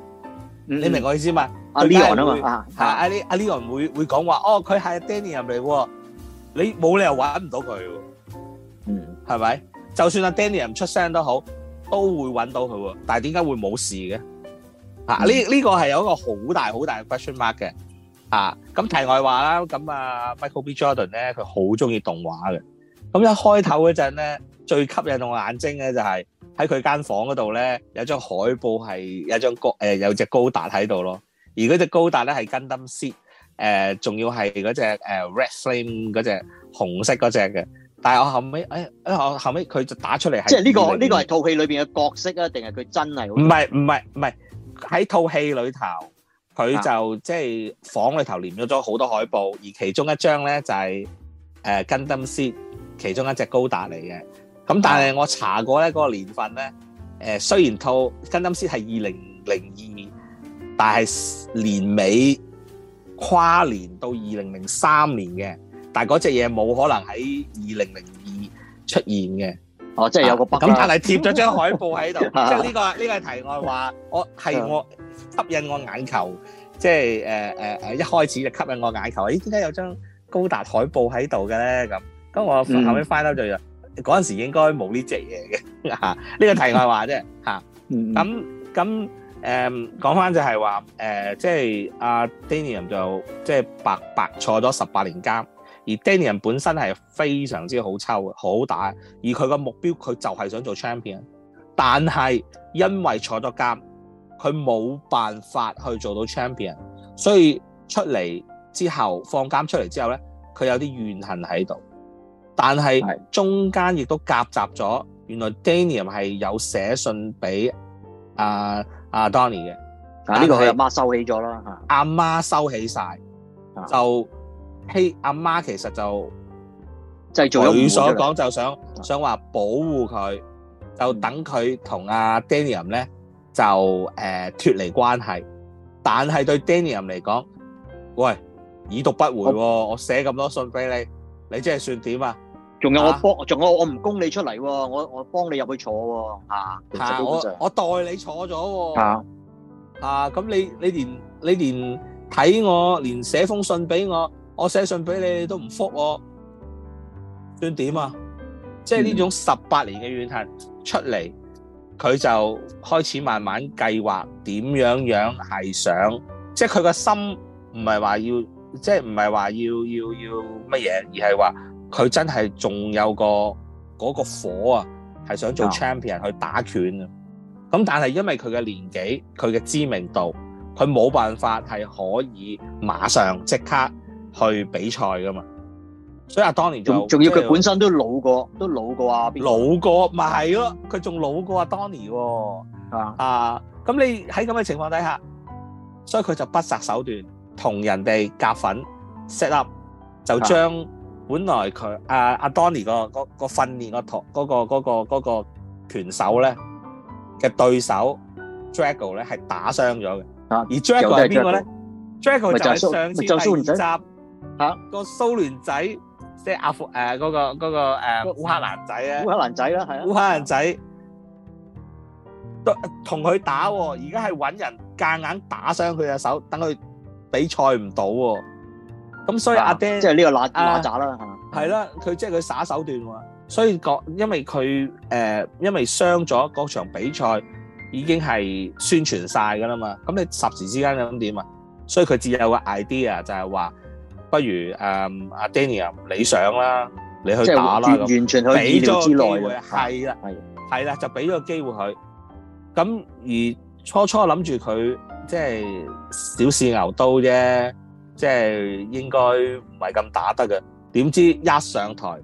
你明我意思嘛？阿 Leon 啊嘛，嚇！阿 Leon 阿 Leon 會會講話，哦，佢係 Danny 入嚟喎，你冇理由揾唔到佢喎，嗯，係咪？就算阿 Danny 唔出聲都好，都會揾到佢喎。但係點解會冇事嘅？嚇！呢呢個係有一個好大好大嘅 question mark 嘅。啊，咁題外話啦，咁啊 Michael B Jordan 咧，佢好中意動畫嘅。咁一開頭嗰陣咧，最吸引我眼睛嘅就係～喺佢間房嗰度咧，有張海報係有張高誒有隻高達喺度咯，而嗰隻高達咧係根登斯，誒仲要係嗰隻誒 red flame 隻紅色嗰隻嘅，但係我後尾，誒、欸、誒我後佢就打出嚟係即係呢、這個呢、這個係套戲裏邊嘅角色啊，定係佢真係唔係唔係唔係喺套戲裏頭佢就即係房裏頭連咗咗好多海報，而其中一張咧就係誒根登 t 其中一隻高達嚟嘅。咁但係我查過咧嗰個年份咧，誒雖然套《Gundam SEED》係二零零二年，但係年尾跨年到二零零三年嘅，但係嗰隻嘢冇可能喺二零零二出現嘅。哦，即係有個北咁，但係貼咗張海報喺度，即係呢個呢、呢個係題外話，我係我吸引我眼球，即、就、係、是呃呃、一開始就吸引我眼球。咦？點解有張高達海報喺度嘅咧？咁咁我後尾 find 到就、嗯嗰陣時應該冇呢隻嘢嘅，呢個題外話啫。咁咁誒講翻就係話誒，即係阿 Damian 就即、是、係、uh, 就係、白白坐咗十八年監，而 Damian 本身係非常之好抽，好，好打，而佢個目標佢就係想做 champion，但係因為坐咗監，佢冇辦法去做到 champion，所以出嚟之後放監出嚟之後咧，佢有啲怨恨喺度。但係中間亦都夾雜咗，原來 Damian 係有寫信俾阿阿 Donny 嘅，啊呢個阿媽收起咗啦嚇，阿媽收起曬，就希阿媽其實就即係做咗佢所講就想想話保護佢，就等佢同阿 Damian 咧就誒脫離關係，但係對 Damian 嚟講，喂已讀不回喎，我寫咁多信俾你，你即係算點啊？仲有我幫，仲我我唔供你出嚟喎，我我幫你入去坐喎，吓吓，我我代你坐咗，吓吓，咁你你連你連睇我，連寫封信俾我，我寫信俾你都唔復，算點啊？即係呢種十八年嘅怨恨出嚟，佢就開始慢慢計劃點樣樣係想，即係佢個心唔係話要，即係唔係話要要要乜嘢，而係話。佢真係仲有個嗰、那個、火啊，係想做 champion 去打拳啊。咁但係因為佢嘅年紀、佢嘅知名度，佢冇辦法係可以馬上即刻去比賽噶嘛。所以阿當年仲仲要佢本身都老過，都老過啊！老過咪係咯，佢仲、啊啊、老過阿、啊、Donny 喎。啊，咁、啊啊、你喺咁嘅情況底下，所以佢就不擇手段同人哋夾粉 set up，就將。啊啊本來佢阿阿 Donny 個個個訓練個同嗰個嗰個嗰個拳手咧嘅對手 Drago 咧係打傷咗嘅，而 Drago 係邊個咧？Drago 就係上次第二集吓個蘇聯仔，即係阿福誒，嗰個嗰個誒烏克蘭仔咧，烏克蘭仔啦，係啊，烏克蘭仔同同佢打，而家係搵人夾硬打傷佢隻手，等佢比賽唔到。咁所以阿 Dan 即係呢個拿拿炸啦，係啦，佢即係佢耍手段喎。所以講，因為佢誒，因為傷咗嗰場比賽已經係宣傳晒噶啦嘛。咁你霎時之間又諗點啊？所以佢自己有個 idea 就係話，不如誒阿 Danny 啊，你上啦，你去打啦，咁完全可以俾咗個機會，係啦，係啦，就俾咗個機會佢。咁而初初諗住佢即係小試牛刀啫。即係應該唔係咁打得嘅，點知一上台，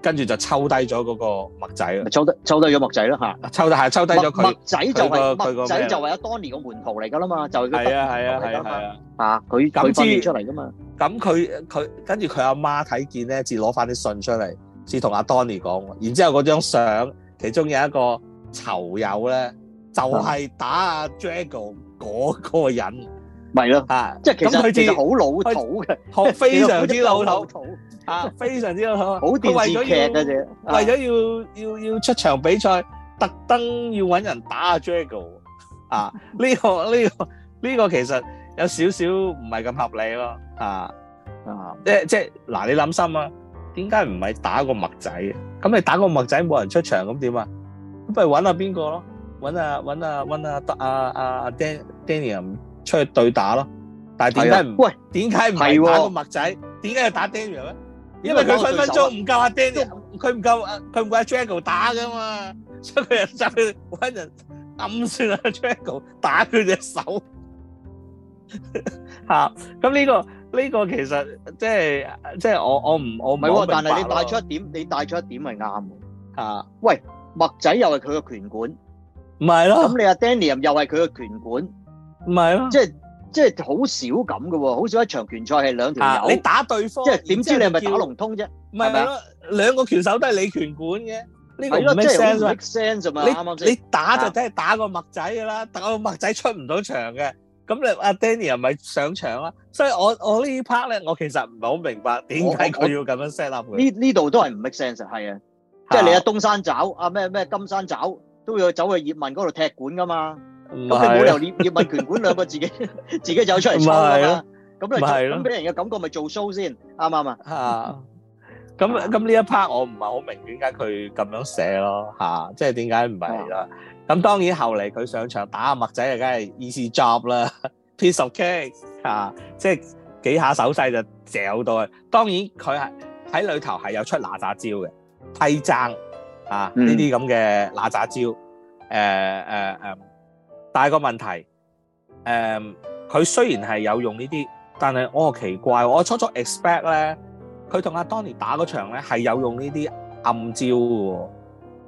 跟住就抽低咗嗰個墨仔抽低抽低咗墨仔啦。吓，抽低係抽低咗佢。墨仔就係、是、墨仔就係阿當 n y 個門徒嚟噶啦嘛，就係啊係啊係啊係啊，是啊佢咁知出嚟噶嘛？咁佢佢跟住佢阿媽睇見咧，至攞翻啲信出嚟，至同阿當 o n y 講。然之後嗰張相，其中有一個囚友咧，就係、是、打阿 Jago 嗰個人。咪咯，啊，即係其實其實好老土嘅，非常之老土啊，非常之老土。好電視劇嘅啫，為咗要要要出場比賽，特登要揾人打阿 Drago 啊，呢個呢個呢個其實有少少唔係咁合理咯，啊啊，即即嗱你諗心啊，點解唔係打個麥仔？咁你打個麥仔冇人出場咁點啊？咁不如揾下邊個咯？揾啊揾啊啊阿 Dan d a n i e m 出去對打咯，但係點解唔？喂，點解唔係打個麥仔？點解要打 Daniel 咧？因為佢分分鐘唔夠阿 Daniel，佢唔夠阿佢唔夠阿 Drago 打噶嘛，所以佢又走去揾人暗算阿 Drago，打佢隻手嚇。咁呢個呢個其實即係即係我我唔我唔係喎，但係你帶出一點，你帶出一點係啱嘅嚇。喂，麥仔又係佢嘅拳館，唔係咯？咁你阿 Daniel 又係佢嘅拳館。唔係咯，即係即係好少咁嘅喎，好少一場拳賽係兩條友你打對方，即係點知你係咪打龍通啫？唔係咯，兩個拳手都係你拳館嘅，呢個即係唔 make sense 啊嘛，你你打就梗係打個麥仔嘅啦，打個麥仔出唔到場嘅，咁你阿 Danny 咪上場啦。所以我我呢 part 咧，我其實唔係好明白點解佢要咁樣 set up 呢呢度都係唔 make sense，係啊，即係你阿東山找，阿咩咩金山找都要走去葉問嗰度踢館㗎嘛。佢你冇理由葉葉問拳館兩個自己 自己走出嚟唔係啊？咁嚟做，咁俾、啊、人嘅感覺咪、就是、做 show 先啱唔啱啊？嚇！咁咁呢一 part 我唔係好明點解佢咁樣寫咯吓，即係點解唔係啦？咁、就是、 當然後嚟佢上場打阿墨仔啊、e，梗係 easy job 啦，piece of cake 吓，即、就、係、是、幾下手勢就嚼到去。當然佢係喺裏頭係有出哪吒招嘅替踭嚇呢啲咁嘅哪吒招，誒誒誒。但係個問題，誒、嗯，佢雖然係有用呢啲，但係我好奇怪、哦，我初初 expect 咧，佢同阿當年 n y 打嗰場咧係有用呢啲暗招嘅、哦，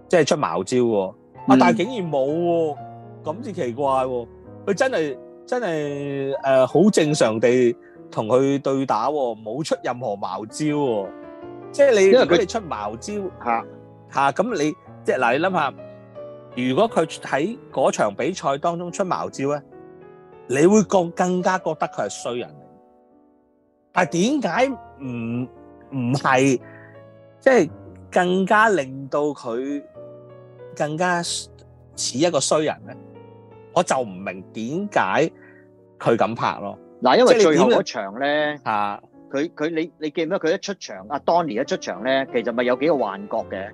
即係出矛招喎、哦，啊、嗯，但係竟然冇喎、哦，咁至奇怪喎、哦，佢真係真係好、呃、正常地同佢對打、哦，冇出任何矛招喎、哦，即係你因為如果你出矛招吓，嚇、啊，咁、啊、你即係嗱，你諗下。如果佢喺嗰場比賽當中出茅招咧，你會覺更加覺得佢係衰人嚟。但係點解唔唔係即係更加令到佢更加似一個衰人咧？我就唔明點解佢咁拍咯。嗱，因為最後嗰場咧，啊，佢佢你你記唔記得佢一出場，阿 Donny 一出場咧，其實咪有幾個幻覺嘅？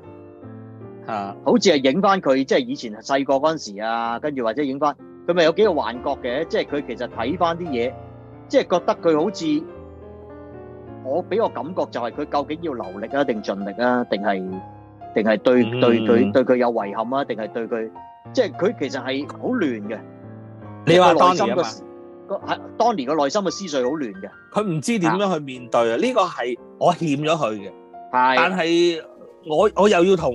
啊！好似係影翻佢，即係以前細個嗰陣時啊，跟住或者影翻佢咪有幾個幻覺嘅？即係佢其實睇翻啲嘢，即係覺得佢好似我俾我感覺就係佢究竟要留力啊，定盡力啊，定係定係對對對對佢有遺憾啊，定係對佢即係佢其實係好亂嘅。你話當年啊，個係當年個內心嘅思緒好亂嘅，佢唔知點樣去面對啊！呢個係我欠咗佢嘅，係但係我我又要同。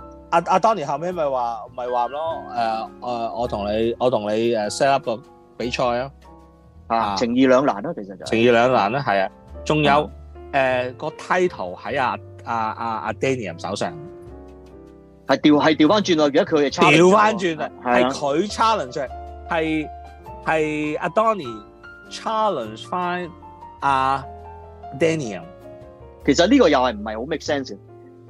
阿阿 Donny 後屘咪話咪話咯，誒誒、呃，我同你我同你誒 set up 個比賽啊，啊，情意兩難啊，其實就是、情意兩難咧，係啊，仲、啊、有誒、嗯呃嗰個 title 喺阿阿阿阿 Daniel 手上，係調係調翻轉啦，如果佢哋調翻轉啦，係佢 challenge，係係阿 Donny challenge 翻阿 Daniel，其實呢個又係唔係好 make sense？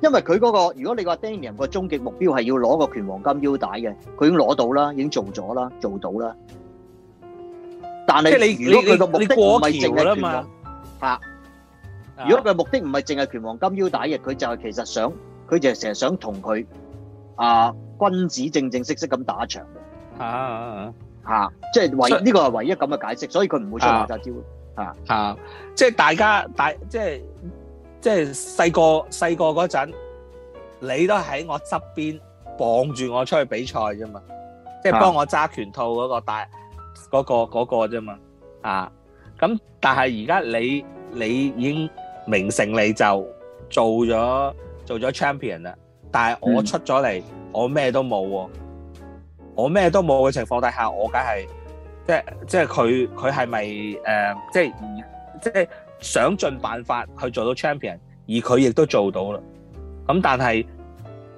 因為佢嗰、那個，如果你話 Daniel 個終極目標係要攞個拳王金腰帶嘅，佢已經攞到啦，已經做咗啦，做到啦。但係如果佢個目的唔係淨係拳王，吓、啊。如果佢目的唔係淨係拳王金腰帶嘅，佢、啊啊、就係其實想，佢就係成日想同佢啊君子正正式式咁打場。嘅吓吓，即係唯呢個係唯一咁嘅解釋，所以佢唔會出嚟撒招吓吓、嗯，即係大家大即係。即係細個細個嗰陣，你都喺我側邊綁住我出去比賽啫嘛，即係幫我揸拳套嗰個大嗰個嗰個啫嘛。啊，咁、嗰個嗰個、但係而家你你已經名成，你就做咗做咗 champion 啦。但係我出咗嚟、嗯，我咩都冇喎，我咩都冇嘅情況底下，我梗係即係即係佢佢係咪誒即係即係？即想盡辦法去做到 champion，而佢亦都做到啦。咁但係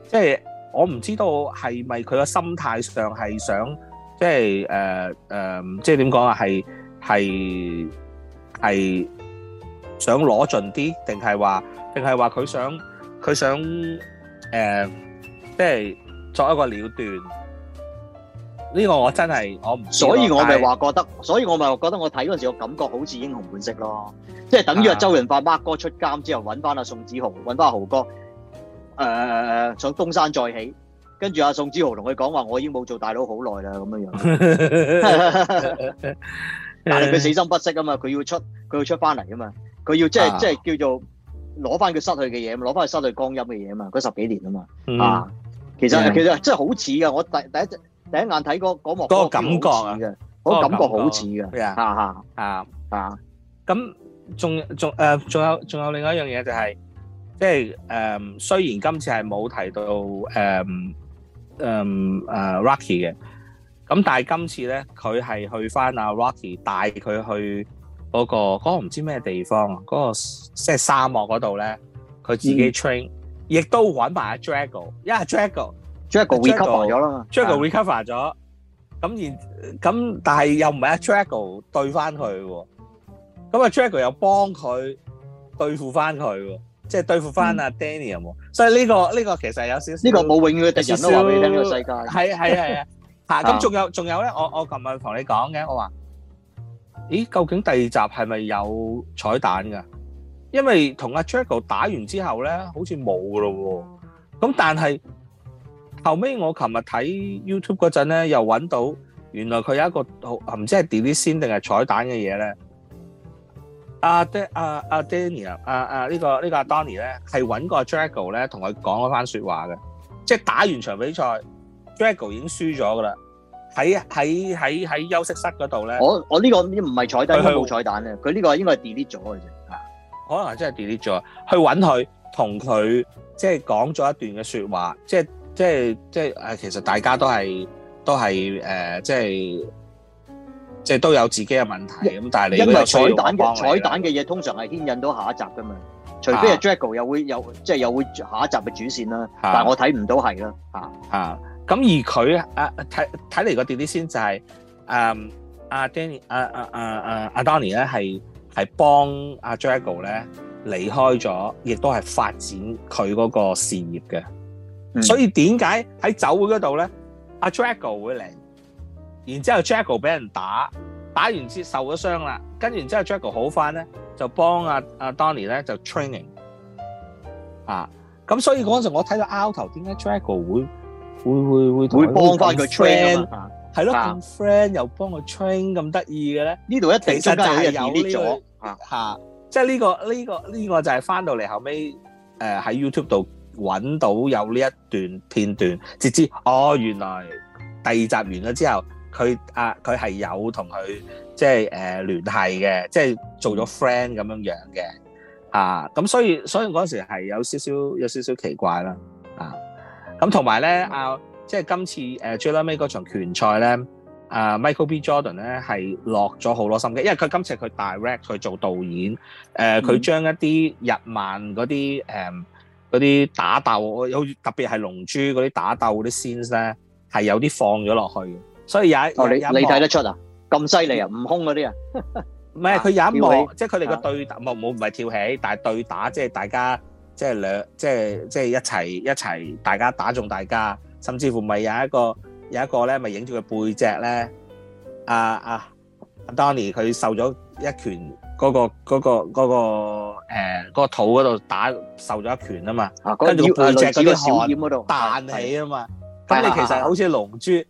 即係我唔知道係咪佢個心態上係想即係誒誒，即係點講啊？係係係，想攞盡啲，定係話定係話佢想佢想誒，即係作、呃、一個了斷。呢個我真係我唔，所以我咪話覺得，是所以我咪話覺得我睇嗰陣時，我感覺好似英雄本色咯，即係等於阿周潤發 Mark 哥出監之後揾翻阿宋子豪，揾翻阿豪哥，誒、呃、想東山再起，跟住阿宋子豪同佢講話，我已經冇做大佬好耐啦，咁樣樣。 但係佢死心不息啊嘛，佢要出，佢要出翻嚟啊嘛，佢要、就是啊、即係即係叫做攞翻佢失去嘅嘢，攞翻佢失去光陰嘅嘢啊嘛，嗰十幾年啊嘛，嗯、啊，其實、嗯、其實真係好似啊，我第第一第一眼睇嗰嗰幕，嗰、嗰個、個感覺啊，嗰個，個感覺好似噶，啊哈啊啊！咁仲仲誒，仲有仲有另外一樣嘢、就係，就係即係誒，雖然今次係冇提到誒誒誒 Rocky 嘅，咁但係今次咧，佢係去翻阿 Rocky 帶佢去嗰、嗰個嗰、嗰個唔知咩地方啊，嗰、嗰個即係沙漠嗰度咧，佢自己 train，亦、嗯、都揾埋阿 Drago，因為 Drago。即係 recover 咗啦，Drago recover 咗，咁然咁，但係又唔係阿 Drago 對翻佢，咁啊 Drago 又幫佢對付翻佢，即係對付翻阿 Danny 有冇？所以呢個呢個其實有少少，呢個冇永遠嘅敵人都話俾你聽，呢個世界係係係啊！咁仲有仲有咧，我我琴日同你講嘅，我話咦，究竟第二集係咪有彩蛋噶？因為同阿 Drago 打完之後咧，好似冇噶咯，咁但係。後尾我琴日睇 YouTube 嗰陣咧，又揾到原來佢有一個唔知係 delete 先定係彩蛋嘅嘢咧。阿爹阿阿 Danny 啊阿阿呢個呢個阿 Donny 咧，係揾個 Drago 咧同佢講咗返說話嘅，即係打完場比賽 Drago 已經輸咗噶啦，喺喺喺喺休息室嗰度咧。我我呢個唔係彩蛋，佢冇去彩蛋咧，佢呢個應該係 delete 咗嘅啫。嚇，可能真係 delete 咗，去揾佢同佢即係講咗一段嘅說話，即係。即即係即係誒，其實大家都係都係誒、呃，即係即係都有自己嘅問題咁。但係你因為彩蛋嘅彩蛋嘅嘢，通常係牽引到下一集噶嘛。除非係 Drago 又會有，啊、會即係又會下一集嘅主線啦。但係我睇唔到係啦。吓吓。咁而佢啊睇睇嚟個點啲先就係、是，阿 Danny 阿阿阿 Danny 咧係係幫阿 Drago 咧離開咗，亦都係發展佢嗰個事業嘅。嗯、所以點解喺酒會嗰度咧，阿、啊、Drago 會嚟，然之後 Drago 俾人打，打完之後受咗傷啦，跟住然之後 Drago 好翻咧，就幫阿、啊、阿 Donny 咧就 training 啊，咁所以嗰陣我睇到 out 頭，點解 Drago 會會會會會幫翻佢 train 啊？係咯了，咁、啊、friend 又幫佢 train 咁得意嘅咧？呢度一定真有呢、這個即係呢個呢、這個呢、這個就係翻到嚟後尾喺 YouTube 度。呃搵到有呢一段片段，直至哦，原來第二集完咗之後，佢啊佢係有同佢即係誒聯繫嘅，即係做咗 friend 咁樣樣嘅啊！咁、啊、所以所以嗰陣時係有少少有少少奇怪啦啊！咁同埋咧啊，即係今次誒、啊、最 last 尾嗰場拳賽咧啊 Michael B Jordan 咧係落咗好多心機嘅，因為佢今次佢 direct 佢做導演誒，佢、啊、將一啲日漫嗰啲誒。嗯嗰啲打鬥，特別是龍打鬥是有特別係龍珠嗰啲打鬥嗰啲 scenes 咧，係有啲放咗落去，所以有一哦你幕你睇得出啊，咁犀利啊，悟空嗰啲啊，唔係佢有一幕，即係佢哋個對打，冇唔係跳起，但係對打，即、就、係、是、大家即係兩即係即係一齊一齊，大家打中大家，甚至乎咪有一個有一個咧咪影住個背脊咧，啊阿、啊、Donny 佢受咗一拳。嗰、那個嗰、那個嗰嗰、那個欸那個、肚嗰度打受咗一拳啊嘛，啊跟住個背脊嗰啲小點嗰度彈起啊嘛，咁你其實好似龍珠，即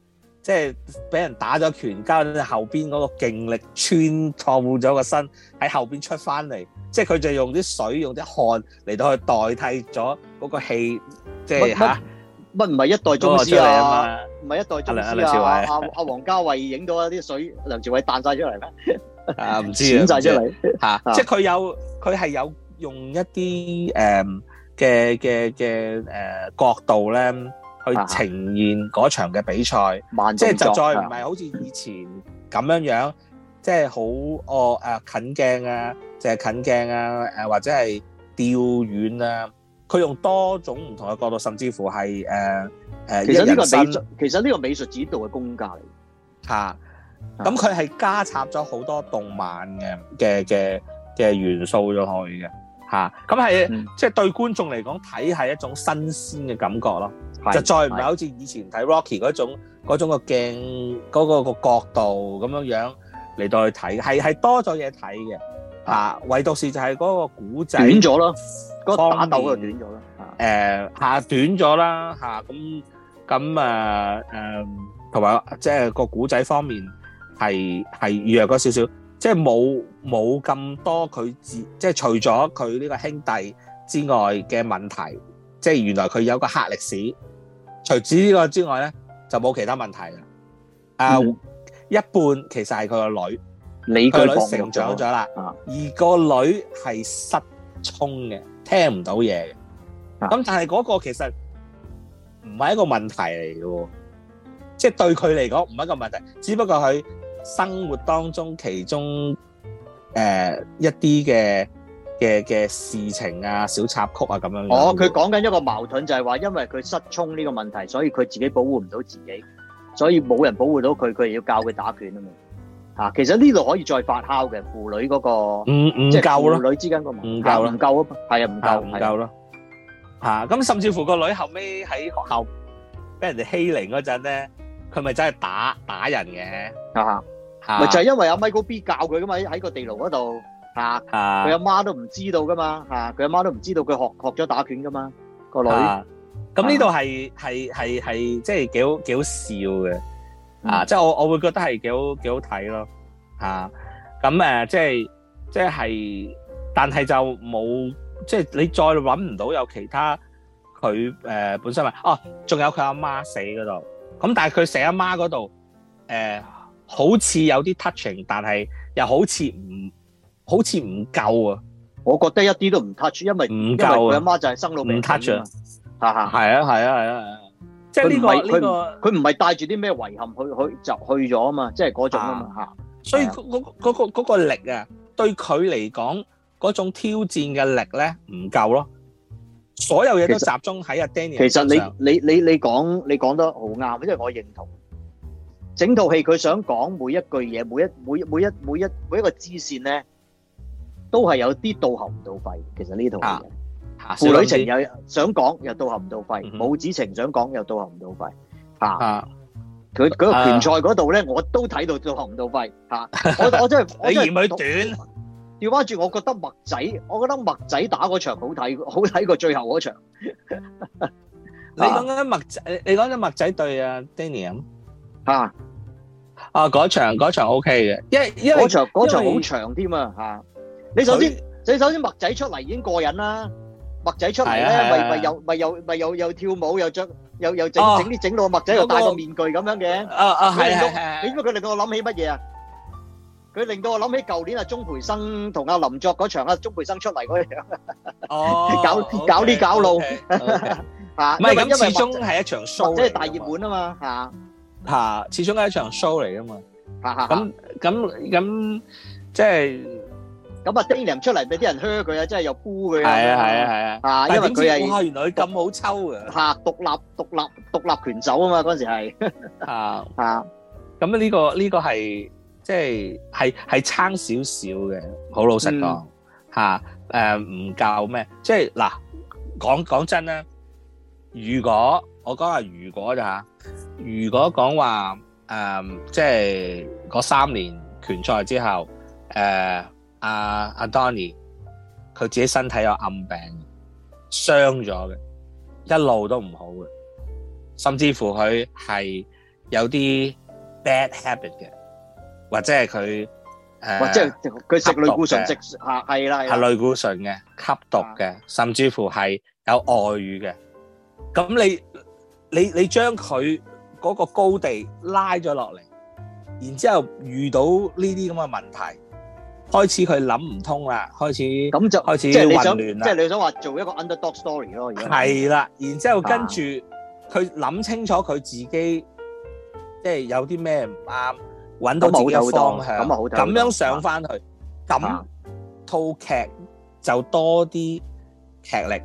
係俾人打咗拳交，的後邊嗰個勁力穿透咗個身喺後邊出翻嚟，即係佢就用啲水用啲汗嚟到去代替咗嗰個氣，即、就、係、是麼乜唔係一代宗師啊？唔係一代宗師啊？阿阿黃家衞影到一啲水，梁朝偉彈晒出嚟咧。啊，唔知啊，選晒出嚟吓，即係佢有佢係有用一啲嘅嘅嘅角度咧，去呈現嗰場嘅比賽。啊、慢即係就再唔係好似以前咁樣樣，啊、即係好哦近鏡啊，淨係近鏡啊，或者係吊遠啊。佢用多種唔同嘅角度，甚至乎係誒、呃、其實呢個美術，其實呢個美術指導嘅功架嚟嚇咁佢係加插咗好多動漫嘅嘅嘅嘅元素咗去嘅嚇咁係即係對觀眾嚟講睇係一種新鮮嘅感覺咯。的就再唔係好似以前睇 Rocky 嗰種嗰的種個鏡嗰個、個角度咁樣樣嚟到去睇，係係多咗嘢睇嘅啊。的唯獨就是就係嗰個古仔短咗咯。個打鬥就短咗啦，誒吓短咗啦吓，咁咁啊誒，同埋即係個古仔方面係係弱咗少少，即係冇冇咁多佢自，即係除咗佢呢個兄弟之外嘅問題，即係原來佢有個黑歷史。除此呢個之外咧，就冇其他問題啦。啊，一半其實係佢個女，佢個女成長咗啦，而個女係失聰嘅。聽唔到嘢嘅，咁但係嗰個其實唔係一個問題嚟嘅，即係對佢嚟講唔係一個問題，只不過佢生活當中其中誒一啲嘅嘅嘅事情啊、小插曲啊咁樣。哦，佢講緊一個矛盾就係話，因為佢失聰呢個問題，所以佢自己保護唔到自己，所以冇人保護到佢，佢就要教佢打拳啊嘛。啊，其實呢度可以再發酵嘅父女嗰個唔唔夠咯，父女之間個唔夠咯，唔夠啊，係啊，唔夠唔夠咯，嚇！咁甚至乎個女後尾喺學校俾人哋欺凌嗰陣咧，佢咪真係打打人嘅嚇嚇，咪就係因為阿 Michael B 教佢㗎嘛，喺喺個地牢嗰度嚇嚇，佢阿媽都唔知道㗎嘛嚇，佢阿媽都唔知道佢學學咗打拳㗎嘛個女，咁呢度係係係係即係幾好幾好笑嘅。嗯、啊，即係我我會覺得係幾好幾好睇咯，吓咁誒，即係即係，但係就冇即係你再搵唔到有其他佢誒、呃、本身咪哦，仲、啊、有佢阿媽死嗰度，咁、啊、但係佢死阿媽嗰度誒，好似有啲 touching，但係又好似唔好似唔夠啊，我覺得一啲都唔 touch，因為唔夠啊，佢阿媽就係生老病死唔 touch 啊，係啊係啊係啊係啊。即係呢個呢個，佢唔係帶住啲咩遺憾去去就去咗啊嘛，即係嗰種那啊嘛嚇。所以嗰嗰個力啊，對佢嚟講嗰種挑戰嘅力咧唔夠咯。所有嘢都集中喺阿 Danny。其實你上 你你你講你講得好啱，因為我認同。整套戲佢想講每一句嘢，每一每每一每一每一個支線咧，都係有啲到喉唔到肺。其實呢套戲啊。父女情又想講又到合唔到肺。嗯、哼母子情想講又到合唔到肺。吓、啊，佢嗰個拳賽嗰、啊、度咧、啊，我都睇到到合唔到肺。吓，我真係 我真係，你嫌佢短。調翻住我覺得墨仔，我覺得墨仔打嗰場好睇，好睇過最後嗰場。啊、你講緊墨仔，你講緊墨仔對阿 Danny 吓，Danny，啊嗰、啊、場嗰場 O K 嘅，因為因為嗰場場好長添啊，吓、啊。你首先他你首先墨仔出嚟已經過癮啦。墨仔出嚟咧，咪咪又咪又咪又又跳舞，又着又又整整啲整到個墨仔又戴個面具咁樣嘅。啊啊，係係係。應該佢令到我諗起乜嘢啊？佢令到我諗起舊年阿鍾培生同阿林作嗰場，阿鍾培生出嚟嗰樣。哦。搞搞啲搞路。唔係咁，始終係一場 show。即係大熱門啊嘛，吓吓，始終係一場 show 嚟噶嘛。咁咁咁，即係。咁啊，Daniel 出嚟俾啲人 hack 佢啊，真係又箍佢啊！係啊，係啊，係啊！啊，因為佢係哇，原來佢咁好抽嘅嚇，獨立獨立獨立拳手啊嘛，嗰時係嚇嚇。咁啊，呢個呢個係即係係，係撐少少嘅，好老實講嚇。誒，唔夠咩？即係嗱，講講真咧，如果我講話如果就嚇？如果講話誒，即係嗰三年拳賽之後誒。阿阿 Donny，佢自己身體有暗病，傷咗嘅，一路都唔好嘅，甚至乎佢係有啲 bad habit 嘅，或者係佢，或者係佢食類固醇，食啊係啦，係類固醇嘅，吸毒嘅，甚至乎係有外遇嘅。咁你你你將佢嗰個高地拉咗落嚟，然之後遇到呢啲咁嘅問題。開始佢諗唔通啦，開始開始混亂啦，即係你想話做一個 underdog story 咯，而家係啦，然之後跟住佢諗清楚佢自己即係有啲咩唔啱，揾到自己方向，咁樣上翻去，咁套劇就多啲劇力。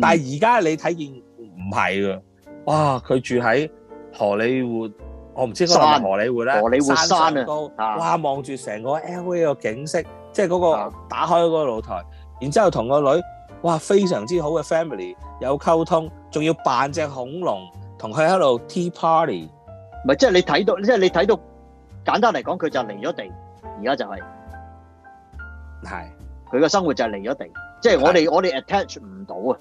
但係而家你睇見唔係㗎，哇！佢住喺荷里活。我唔知嗰個係荷里活咧，荷里活山山啊，哇！望住成個 L.A. 個景色，即係嗰個打開嗰個露台，然之後同個女，哇！非常之好嘅 family，有溝通，仲要扮隻恐龍，同佢喺度 tea party。唔係，即係你睇到，即係你睇到，簡單嚟講，佢就離咗地，而家就係，係佢個生活就係離咗地，即係我哋我哋 attach 唔到啊，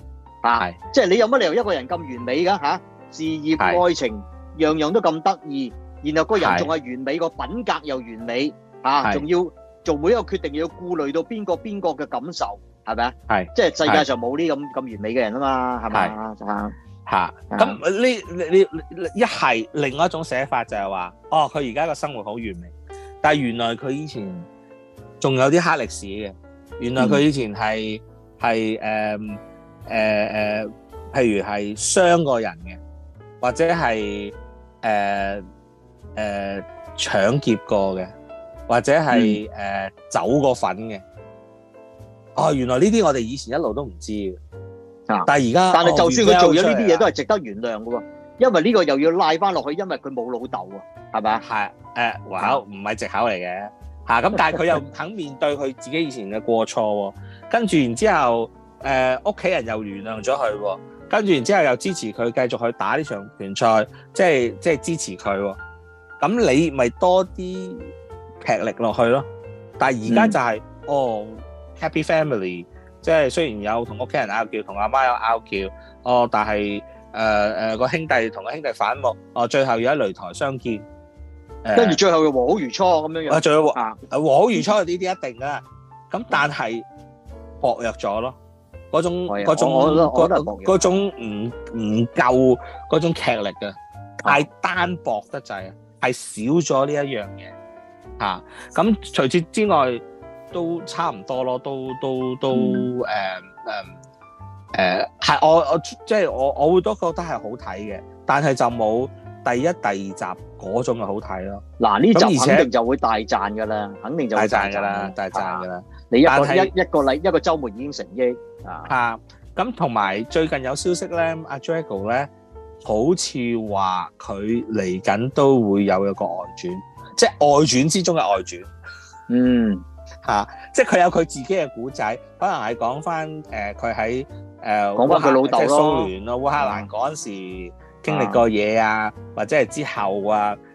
係，即係你有乜理由一個人咁完美㗎吓？事業、愛情。樣樣都咁得意，然後個人仲係完美，個品格又完美，吓，仲要做每一個決定，要顧慮到邊個邊個嘅感受，係咪啊？係，即係世界上冇呢咁咁完美嘅人啊嘛，係咪啊？吓，咁呢？你你一係另外一種寫法就係話，哦，佢而家個生活好完美，但係原來佢以前仲有啲黑歷史嘅，原來佢以前係係誒誒誒，譬如係傷過人嘅。或者係誒誒搶劫過嘅，或者係誒、嗯呃、走過份嘅，啊、哦，原來呢啲我哋以前一路都唔知，啊、但係而家但係就算佢做咗呢啲嘢都係值得原諒嘅喎，哦、因為呢個又要拉翻落去，因為佢冇老豆啊，係咪啊？係誒，借口唔係借口嚟嘅吓，咁、啊、但係佢又肯面對佢自己以前嘅過錯、啊，跟住然之後誒，屋、啊、企人又原諒咗佢。跟住然之後又支持佢繼續去打呢場拳賽，即係即係支持佢喎。咁你咪多啲劇力落去咯。但係而家就係、是嗯、哦，Happy Family，即係雖然有同屋企人拗撬，同阿媽有拗撬，哦，但係誒誒個兄弟同個兄弟反目，哦，最後要喺擂台相見，跟、呃、住最後又和好如初咁樣樣。最仲、啊、和好如初呢啲一定噶啦。咁但係薄弱咗咯。嗰種嗰的種嗰嗰種唔唔夠嗰種劇力嘅，太單薄得滯啊！係少咗呢一樣嘢嚇。咁、啊、除此之外都差唔多咯，都都都誒誒誒，係、嗯嗯嗯啊、我我即係、就是、我我會都覺得係好睇嘅，但係就冇第一第二集嗰種嘅好睇咯。嗱呢、啊、集，肯定就會大賺噶啦，肯定就大賺噶啦，大賺噶啦。你一個一一個禮一個週末已經成億啊！咁同埋最近有消息咧，阿 Drago 咧好似話佢嚟緊都會有有個外傳，即係外傳之中嘅外傳。嗯，嚇！即係佢有佢自己嘅古仔，可能係講翻誒佢喺誒講翻佢老豆咯，蘇聯咯烏克蘭嗰陣時經歷過嘢啊，或者係之後啊。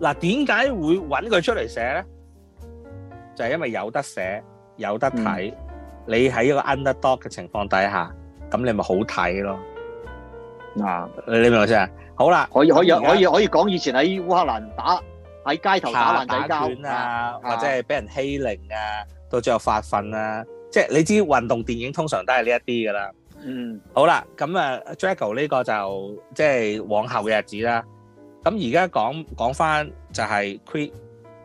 嗱，點解會揾佢出嚟寫咧？就係因為有得寫，有得睇。你喺一個 underdog 嘅情況底下，咁你咪好睇咯。嗱，你明唔明先啊？好啦，可以可以可以可以講以前喺烏克蘭打喺街頭打爛打交啊，或者係俾人欺凌啊，到最後發憤啊，即係你知運動電影通常都係呢一啲噶啦。嗯，好啦，咁啊，Drago 呢個就即係往後嘅日子啦。咁而家講講翻就係《Creed》，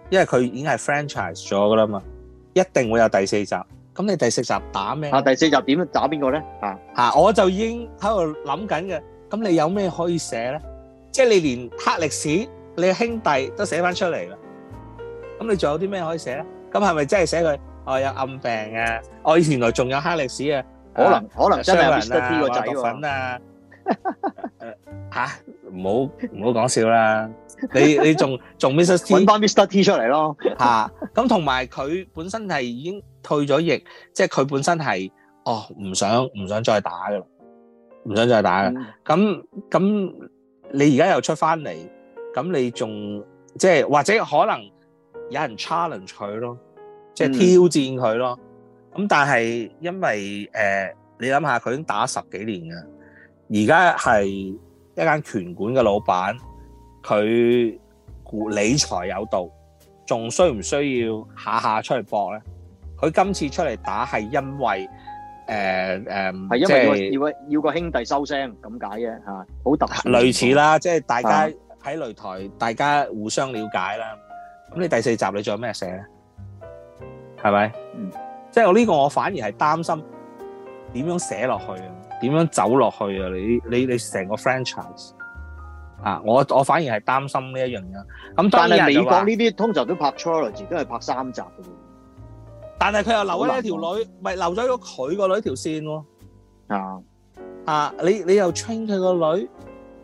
因為佢已經係 franchise 咗噶啦嘛，一定會有第四集。咁你第四集打咩？啊，第四集點樣打邊個咧？嚇嚇，我就已經喺度諗緊嘅。咁你有咩可以寫咧？即係你連黑歷史、你兄弟都寫翻出嚟啦。咁你仲有啲咩可以寫咧？咁係咪真係寫佢？我有暗病啊！我原來仲有黑歷史啊！可能可能真係 missed 啲個集粉啊！吓，唔好唔好講笑啦，啊。你你仲仲 Mr. T 搵翻 Mr. T 出嚟咯吓，啊。咁同埋佢本身係已經退咗役，即係佢本身係哦唔想唔想再打噶啦，唔想再打啦。咁咁，嗯、你而家又出翻嚟，咁你仲即係或者可能有人 challenge 佢咯，即係挑戰佢咯。咁，就是嗯、但係因為誒、呃，你諗下佢已經打十幾年噶。而家係一間拳館嘅老闆，佢理財有道，仲需唔需要下下出去搏咧？佢今次出嚟打係因為誒誒，係、呃呃、因為是要，要，要個要兄弟收聲咁解嘅，好特殊。類似啦，是嗎即係大家喺擂台，大家互相了解啦。咁你第四集你仲有咩寫咧？係咪吧？嗯，即係我呢個我反而係擔心點樣寫落去啊？點樣走落去啊？你你你成個 franchise 啊！我我反而係擔心呢一樣嘢。咁但係美國呢啲通常都拍 trilogy 都係拍三集嘅。但係佢又留咗呢條女，咪留咗佢個女條線喎。啊啊！你你又 train 佢個女，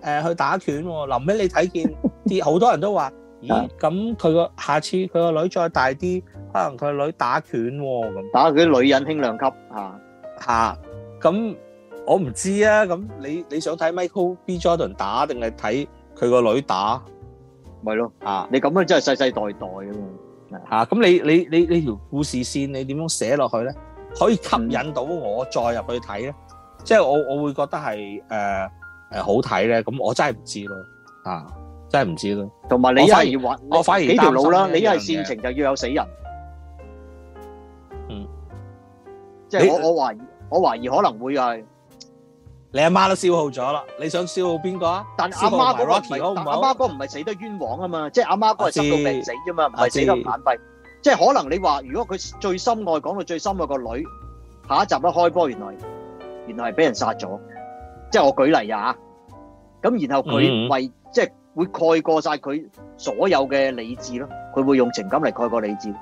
誒去打拳。臨尾你睇見啲好多人都話，咦咁佢個下次佢個女再大啲，可能佢個女打拳喎。咁打佢啲女人輕量級嚇嚇咁。我唔知啊，咁你你想睇 Michael B Jordan 打定係睇佢個女打，咪咯啊！你咁樣真係世世代代啊嘛吓！咁、啊、你你你呢條故事線你點樣寫落去咧？可以吸引到我再入去睇咧？嗯、即係我我會覺得係誒誒好睇咧！咁我真係唔知咯啊，真係唔知咯。同埋你係而我反而幾條路啦。你一係煽情就要有死人，嗯，即係是 你我我懷疑我懷疑可能會係。你阿媽都消耗咗啦，你想消耗邊個啊？但阿媽哥唔係死得冤枉啊嘛，即係阿媽哥係心臟病死啫嘛，唔係死得反胃。即係可能你話，如果佢最深愛講到最深愛個女，下一集一開波，原來原來係俾人殺咗。即係我舉例呀嚇，咁然後佢為即係會蓋過曬佢所有嘅理智咯，佢會用情感嚟蓋過理智，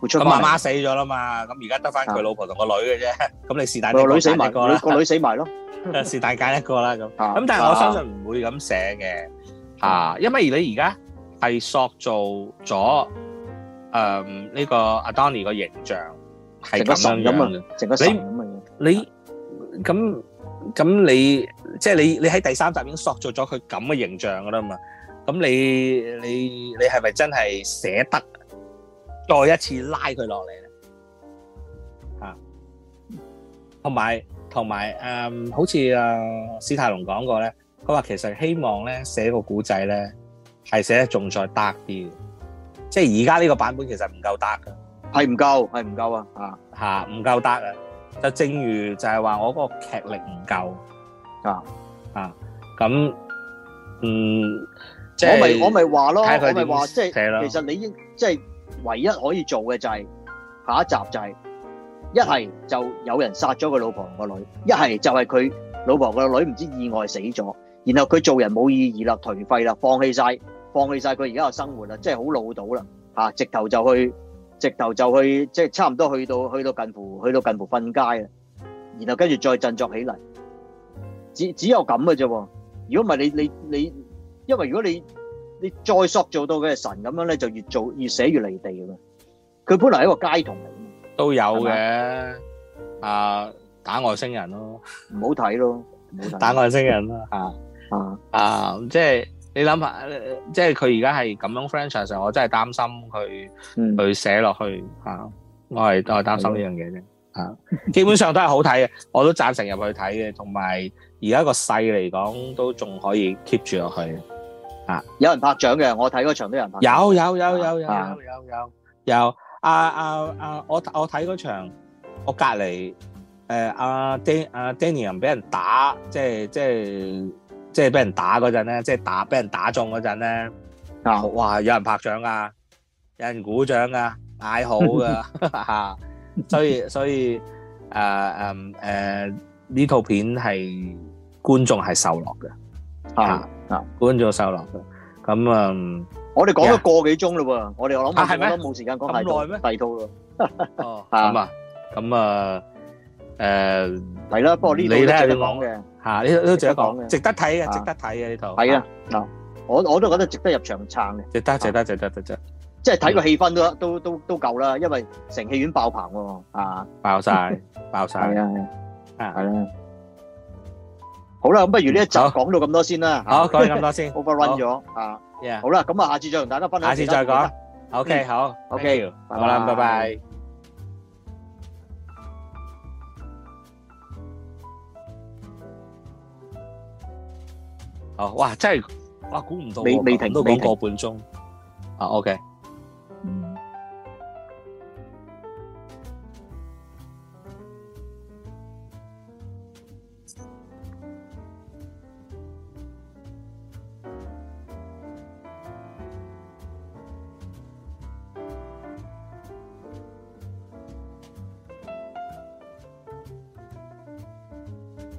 會出。咁阿媽死咗啦嘛，咁而家得翻佢老婆同個女嘅啫。咁你是但個女死埋個女，個女死埋咯。又是大奸一個啦咁，咁但係我相信唔會咁寫嘅嚇，因為而你而家係塑造咗誒呢個阿 Donny 個形象係咁樣樣，剩得神咁啊樣。你你咁咁你即係你你喺第三集已經塑造咗佢咁嘅形象噶啦嘛，咁你你你係咪真係捨得再一次拉佢落嚟咧？嚇，同埋。同埋誒，好似誒史泰龍講過咧，佢話其實希望咧寫個古仔咧係寫得仲 dark 啲，即係而家呢個版本其實唔夠 dark 㗎，係唔夠，係唔夠啊，嚇唔夠 dark 啊，就正如就係話我個劇力唔夠啊啊，咁嗯，我咪我咪話咯，我咪話即係其實你應即係唯一可以做嘅就係下一集就係。一係就有人殺咗佢老婆個女，一係就係佢老婆個女唔知意外死咗，然後佢做人冇意義啦，頹廢啦，放棄晒，放棄晒佢而家嘅生活啦，即係好老到啦，嚇、啊，直頭就去，直頭就去，即係差唔多去到去到近乎去到近乎瞓街啦，然後跟住再振作起嚟，只只有咁嘅啫喎。如果唔係你你你，因為如果你你再塑造到佢嘅神咁樣咧，就越做越寫越離地嘅。佢本來係一個街童嚟。都有嘅，吧啊打外星人咯，唔好睇咯，咯 打外星人啦，吓 啊啊，即係你諗下，即係佢而家係咁樣 f r a n c h s e 我真係擔心佢佢寫落去吓、嗯啊，我係我係擔心呢的樣嘢啫吓，啊、 基本上都係好睇嘅，我都贊成入去睇嘅，同埋而家個勢嚟講都仲可以 keep 住落去，啊有人拍掌嘅，我睇嗰場都有人拍有，有有有有有有有有。啊啊啊、我我睇嗰場，我隔離阿 d、啊、n、啊、Daniel 俾人打，即係即係即係俾人打嗰陣咧，即係打俾人打中嗰陣咧，啊哇！有人拍掌啊，有人鼓掌 啊，嗌好噶嚇，所以所以誒呢套片係觀眾係受落嘅嚇啊，觀眾受落嘅，咁啊。我哋講咗個幾鐘咯喎，我哋我諗係咪都冇時間講太多，第套咯。哦，咁啊，咁啊，誒，係啦，不過呢套都值得講嘅，吓呢都值得講嘅，值得睇嘅，值得睇嘅呢套。係啊，嗱，我我都覺得值得入場撐嘅。值得，值得，值得，值得，即係睇個氣氛都都都都夠啦，因為成戲院爆棚喎，啊，爆晒，爆晒，係啊，係啦。好啦，咁不如呢一集講到咁多先啦。好，講到咁多先，overrun 咗啊。好啦，咁啊，下次再同大家分享。下次再講。OK，好。OK，好啦，拜拜。好，哇，真係，哇，估唔到，未停都冇個半鐘。啊，OK。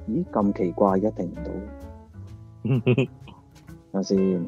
咦，咁奇怪嘅，啊，停唔到，等陣先。